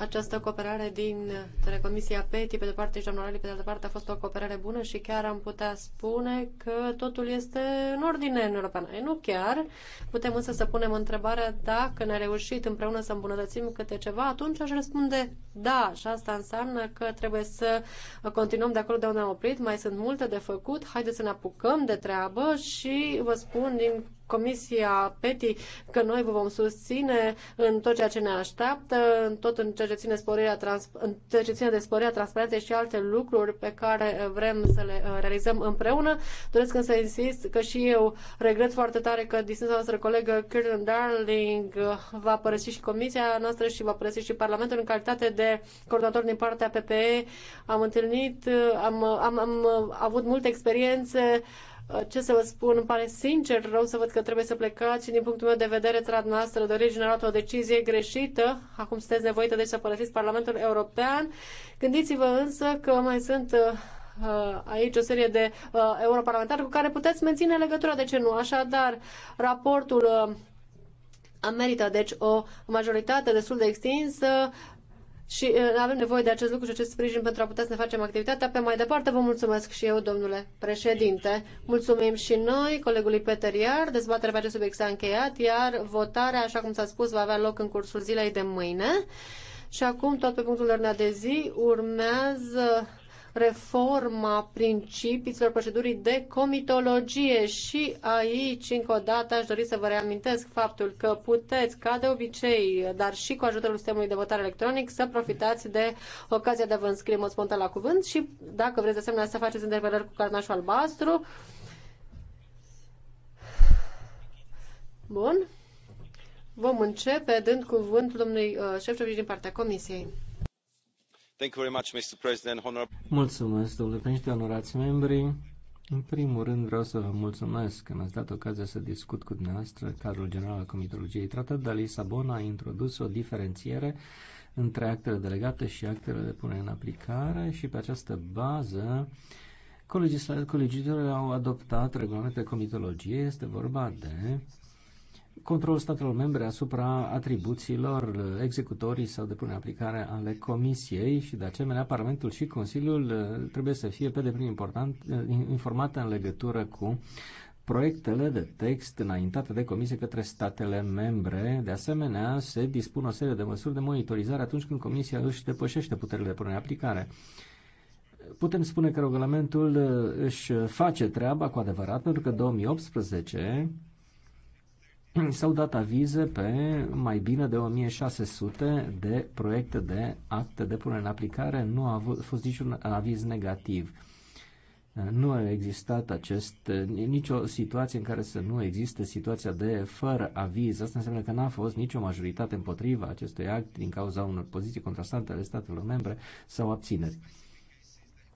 Această cooperare din Comisia PETI, pe de parte și doamna pe de altă parte, a fost o cooperare bună și chiar am putea spune că totul este în ordine în Europa. E nu chiar. Putem însă să punem întrebarea dacă ne-a reușit împreună să îmbunătățim câte ceva, atunci aș răspunde da. Și asta înseamnă că trebuie să continuăm de acolo de unde am oprit. Mai sunt multe de făcut. Haideți să ne apucăm de treabă și vă spun din Comisia PETI că noi vă vom susține în tot ceea ce ne așteaptă, în tot în ceea ce ține, sporirea trans- în ceea ce ține de sporirea transparenței și alte lucruri pe care vrem să le uh, realizăm împreună. Doresc să insist că și eu regret foarte tare că distinsa noastră colegă Kirsten Darling uh, va părăsi și Comisia noastră și va părăsi și Parlamentul în calitate de coordonator din partea PPE. Am întâlnit, uh, am, am, am avut multe experiențe Uh, ce să vă spun, îmi pare sincer rău să văd că trebuie să plecați și din punctul meu de vedere țara noastră de origine a luat o decizie greșită. Acum sunteți nevoită de deci, să părăsiți Parlamentul European. Gândiți-vă însă că mai sunt uh, aici o serie de uh, europarlamentari cu care puteți menține legătura, de ce nu? Așadar, raportul uh, merită deci o majoritate destul de extinsă și uh, avem nevoie de acest lucru și acest sprijin pentru a putea să ne facem activitatea pe mai departe. Vă mulțumesc și eu, domnule președinte. Mulțumim și noi, colegului Peter Iar. Dezbaterea pe acest subiect s-a încheiat, iar votarea, așa cum s-a spus, va avea loc în cursul zilei de mâine. Și acum, tot pe punctul de zi, urmează reforma principiilor procedurii de comitologie și aici, încă o dată, aș dori să vă reamintesc faptul că puteți, ca de obicei, dar și cu ajutorul sistemului de votare electronic, să profitați de ocazia de a vă înscrie în mod spontan la cuvânt și, dacă vreți de asemenea să faceți interpelări cu carnașul albastru, Bun. Vom începe dând cuvântul domnului uh, Șefcovici din partea Comisiei. Mulțumesc, domnule președinte, onorați membri. În primul rând vreau să vă mulțumesc că mi-ați dat ocazia să discut cu dumneavoastră cadrul general al comitologiei. Tratat, dar Lisabona a introdus o diferențiere între actele delegate și actele de punere în aplicare și pe această bază colegiile au adoptat regulamentele comitologiei. Este vorba de controlul statelor membre asupra atribuțiilor executorii sau de pune aplicare ale Comisiei și, de asemenea, Parlamentul și Consiliul uh, trebuie să fie pe deplin important, uh, informate în legătură cu proiectele de text înaintate de comisie către statele membre. De asemenea, se dispun o serie de măsuri de monitorizare atunci când comisia își depășește puterile de punere în aplicare. Putem spune că regulamentul uh, își face treaba cu adevărat, pentru că 2018 *clears throat* s-au dat avize pe mai bine de 1600 de proiecte de acte de punere în aplicare, nu a fost niciun aviz negativ. Nu a existat acest, nicio situație în care să nu existe situația de fără aviz. Asta înseamnă că n-a fost nicio majoritate împotriva acestui act din cauza unor poziții contrastante ale statelor membre sau abțineri.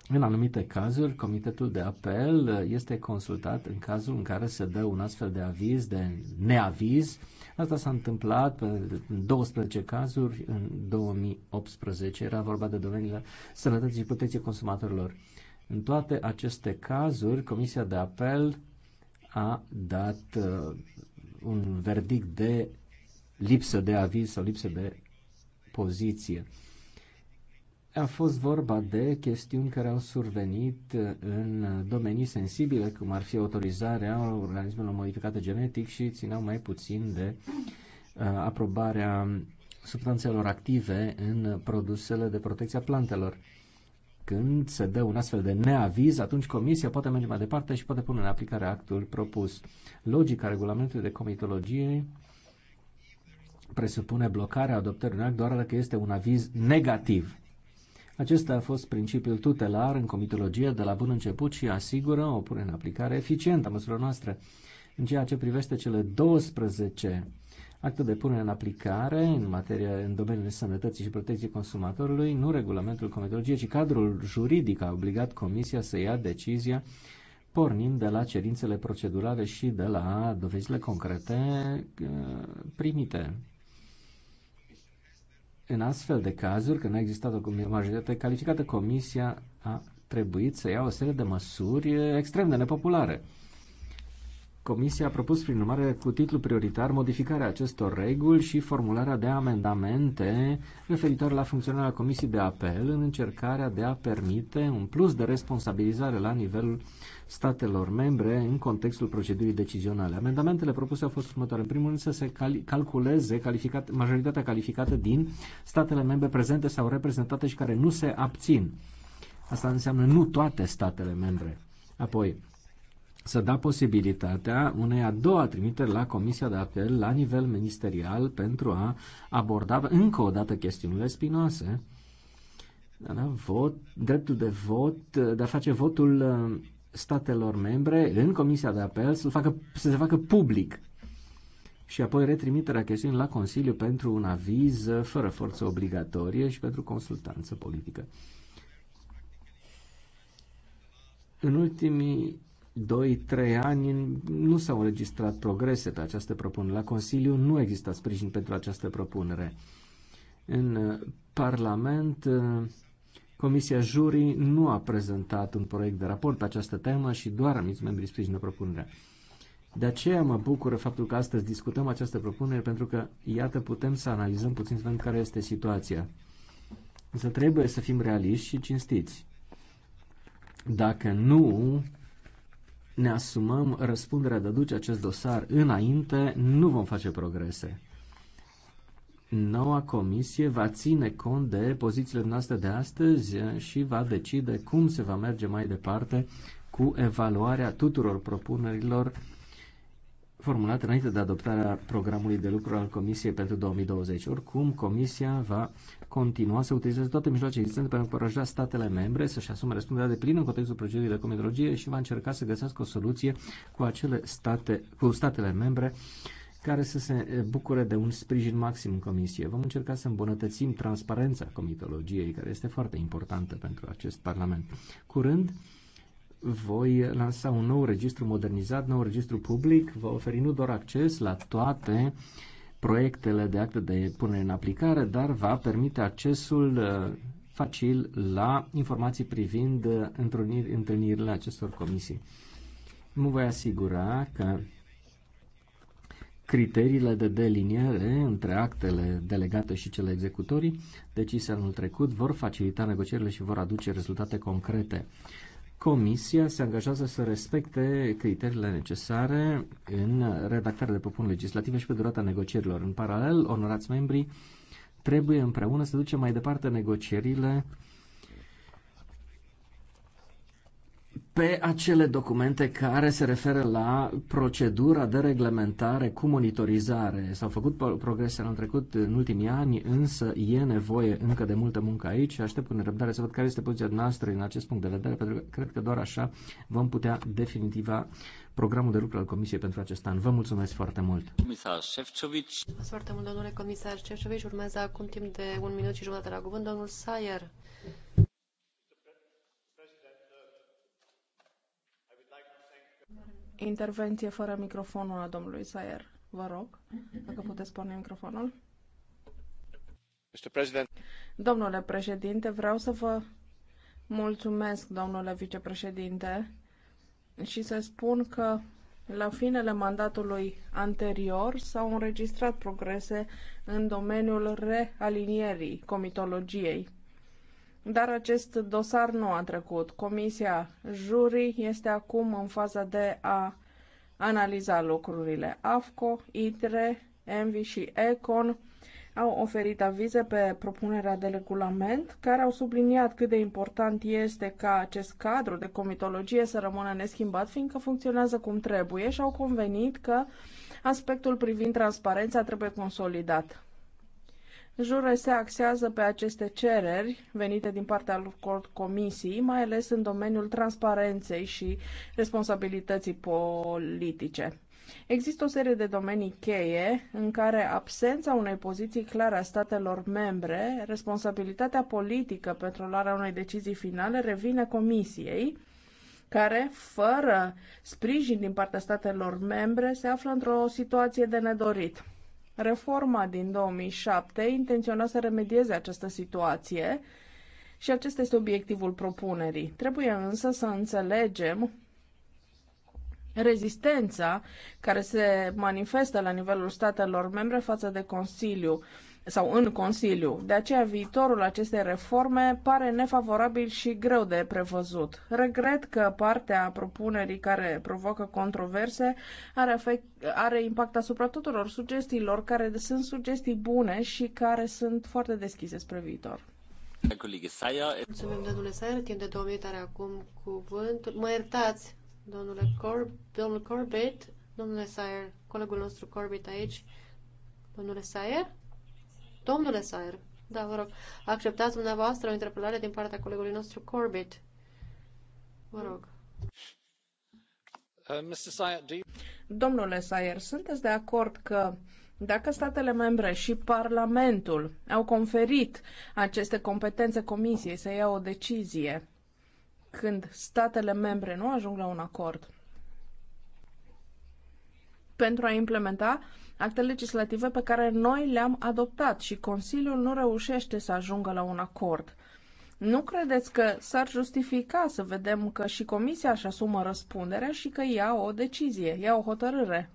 În anumite cazuri, comitetul de apel este consultat în cazul în care se dă un astfel de aviz, de neaviz. Asta s-a întâmplat în 12 cazuri în 2018. Era vorba de domeniile sănătății și protecției consumatorilor. În toate aceste cazuri, Comisia de Apel a dat uh, un verdict de lipsă de aviz sau lipsă de poziție. A fost vorba de chestiuni care au survenit uh, în domenii sensibile, cum ar fi autorizarea organismelor modificate genetic și țineau mai puțin de uh, aprobarea substanțelor active în produsele de protecție a plantelor. Când se dă un astfel de neaviz, atunci comisia poate merge mai departe și poate pune în aplicare actul propus. Logica regulamentului de comitologie presupune blocarea adoptării unui act doar dacă este un aviz negativ acesta a fost principiul tutelar în comitologie de la bun început și asigură o pune în aplicare eficientă a măsurilor noastre. În ceea ce privește cele 12 acte de punere în aplicare în materie în domeniul sănătății și protecției consumatorului, nu regulamentul comitologiei, ci cadrul juridic a obligat Comisia să ia decizia pornind de la cerințele procedurale și de la dovezile concrete uh, primite în astfel de cazuri, când a existat o majoritate calificată, Comisia a trebuit să ia o serie de măsuri extrem de nepopulare. Comisia a propus, prin urmare, cu titlu prioritar, modificarea acestor reguli și formularea de amendamente referitoare la funcționarea Comisiei de Apel în încercarea de a permite un plus de responsabilizare la nivelul statelor membre în contextul procedurii decizionale. Amendamentele propuse au fost următoare. În primul rând să se cal- calculeze calificat, majoritatea calificată din statele membre prezente sau reprezentate și care nu se abțin. Asta înseamnă nu toate statele membre. Apoi, să da posibilitatea unei a doua trimiteri la Comisia de Apel la nivel ministerial pentru a aborda încă o dată chestiunile spinoase. Da, da vot, dreptul de vot, de a face votul uh, statelor membre în Comisia de Apel să, facă, să se facă public și apoi retrimiterea chestiunii la Consiliu pentru un aviz uh, fără forță obligatorie și pentru consultanță politică. În ultimii 2-3 ani nu s-au înregistrat progrese pe această propunere. La Consiliu nu există sprijin pentru această propunere. În uh, Parlament, uh, Comisia Jurii nu a prezentat un proiect de raport pe această temă și doar anumiți membrii sprijină propunerea. De aceea mă bucură faptul că astăzi discutăm această propunere, pentru că, iată, putem să analizăm puțin să vedem care este situația. Însă trebuie să fim realiști și cinstiți. Dacă nu, ne asumăm răspunderea de a duce acest dosar înainte, nu vom face progrese. Noua comisie va ține cont de pozițiile noastre de astăzi și va decide cum se va merge mai departe cu evaluarea tuturor propunerilor formulat înainte de adoptarea programului de lucru al Comisiei pentru 2020. Oricum, Comisia va continua să utilizeze toate mijloacele existente pentru a încuraja statele membre să-și asume răspunderea de plin în contextul procedurii de comitologie și va încerca să găsească o soluție cu, acele state, cu statele membre care să se bucure de un sprijin maxim în comisie. Vom încerca să îmbunătățim transparența comitologiei, care este foarte importantă pentru acest Parlament. Curând, voi lansa un nou registru modernizat, nou registru public, va oferi nu doar acces la toate proiectele de acte de punere în aplicare, dar va permite accesul uh, facil la informații privind uh, întâlnirile acestor comisii. Mă voi asigura că criteriile de deliniere între actele delegate și cele executorii decise anul trecut vor facilita negocierile și vor aduce rezultate concrete. Comisia se angajează să respecte criteriile necesare în redactarea de propuneri legislative și pe durata negocierilor. În paralel, onorați membrii, trebuie împreună să ducem mai departe negocierile pe acele documente care se referă la procedura de reglementare cu monitorizare. S-au făcut progrese în trecut, în ultimii ani, însă e nevoie încă de multă muncă aici aștept cu nerăbdare să văd care este poziția noastră în acest punct de vedere, pentru că cred că doar așa vom putea definitiva programul de lucru al Comisiei pentru acest an. Vă mulțumesc foarte mult! Comisar Șefcovic. Mulțumesc foarte mult, domnule comisar Șefcovic. Urmează acum timp de un minut și jumătate la cuvânt, domnul Sayer. Intervenție fără microfonul a domnului Sayer. Vă rog, dacă puteți porni microfonul. Domnule președinte, vreau să vă mulțumesc, domnule vicepreședinte, și să spun că la finele mandatului anterior s-au înregistrat progrese în domeniul realinierii comitologiei. Dar acest dosar nu a trecut. Comisia juri este acum în faza de a analiza lucrurile. AFCO, ITRE, ENVI și ECON au oferit avize pe propunerea de regulament, care au subliniat cât de important este ca acest cadru de comitologie să rămână neschimbat, fiindcă funcționează cum trebuie și au convenit că aspectul privind transparența trebuie consolidat. Jure se axează pe aceste cereri venite din partea comisiei, mai ales în domeniul transparenței și responsabilității politice. Există o serie de domenii cheie în care absența unei poziții clare a statelor membre, responsabilitatea politică pentru luarea unei decizii finale revine Comisiei, care, fără sprijin din partea statelor membre, se află într-o situație de nedorit. Reforma din 2007 intenționa să remedieze această situație și acesta este obiectivul propunerii. Trebuie însă să înțelegem rezistența care se manifestă la nivelul statelor membre față de Consiliu sau în Consiliu. De aceea viitorul acestei reforme pare nefavorabil și greu de prevăzut. Regret că partea propunerii care provoacă controverse are, efect, are impact asupra tuturor sugestiilor care sunt sugestii bune și care sunt foarte deschise spre viitor. Mulțumim, domnule Sayer. Timp de două minute are acum cuvântul. Mă iertați, domnule Corb- domnul Corbett, domnule Sayer, colegul nostru Corbett aici. Domnule Sayer? Domnule Sayer, da, vă rog, acceptați dumneavoastră o interpelare din partea colegului nostru Corbett. Vă rog. Uh, Domnule Sayer, sunteți de acord că dacă statele membre și Parlamentul au conferit aceste competențe Comisiei să ia o decizie când statele membre nu ajung la un acord, pentru a implementa acte legislative pe care noi le-am adoptat și Consiliul nu reușește să ajungă la un acord. Nu credeți că s-ar justifica să vedem că și Comisia își asumă răspunderea și că ia o decizie, ia o hotărâre?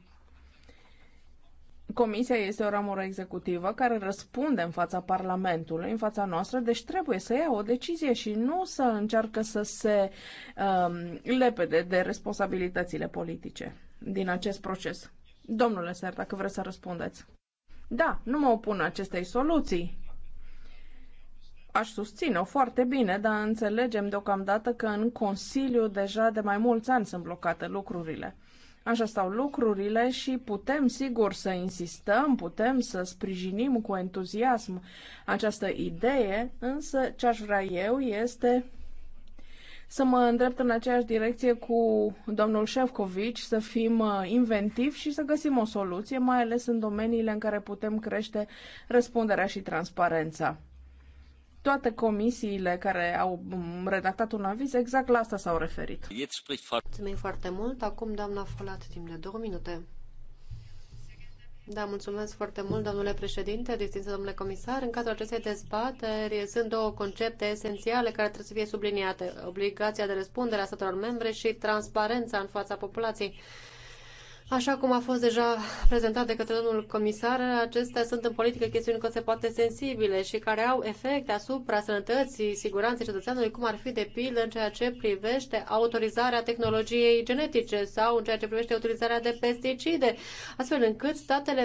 Comisia este o ramură executivă care răspunde în fața Parlamentului, în fața noastră, deci trebuie să ia o decizie și nu să încearcă să se um, lepede de responsabilitățile politice din acest proces. Domnule Ser, dacă vreți să răspundeți. Da, nu mă opun acestei soluții. Aș susține-o foarte bine, dar înțelegem deocamdată că în Consiliu deja de mai mulți ani sunt blocate lucrurile. Așa stau lucrurile și putem, sigur, să insistăm, putem să sprijinim cu entuziasm această idee, însă ce aș vrea eu este să mă îndrept în aceeași direcție cu domnul Șefcovic, să fim uh, inventivi și să găsim o soluție, mai ales în domeniile în care putem crește răspunderea și transparența. Toate comisiile care au um, redactat un aviz, exact la asta s-au referit. Mulțumim foarte mult. Acum, doamna Folat, timp de două minute. Da, mulțumesc foarte mult, domnule președinte, distinse domnule comisar. În cadrul acestei dezbateri sunt două concepte esențiale care trebuie să fie subliniate. Obligația de răspundere a statelor membre și transparența în fața populației. Așa cum a fost deja prezentat de către domnul comisar, acestea sunt în politică chestiuni cât se poate sensibile și care au efecte asupra sănătății, siguranței cetățeanului, cum ar fi de pildă în ceea ce privește autorizarea tehnologiei genetice sau în ceea ce privește utilizarea de pesticide, astfel încât statele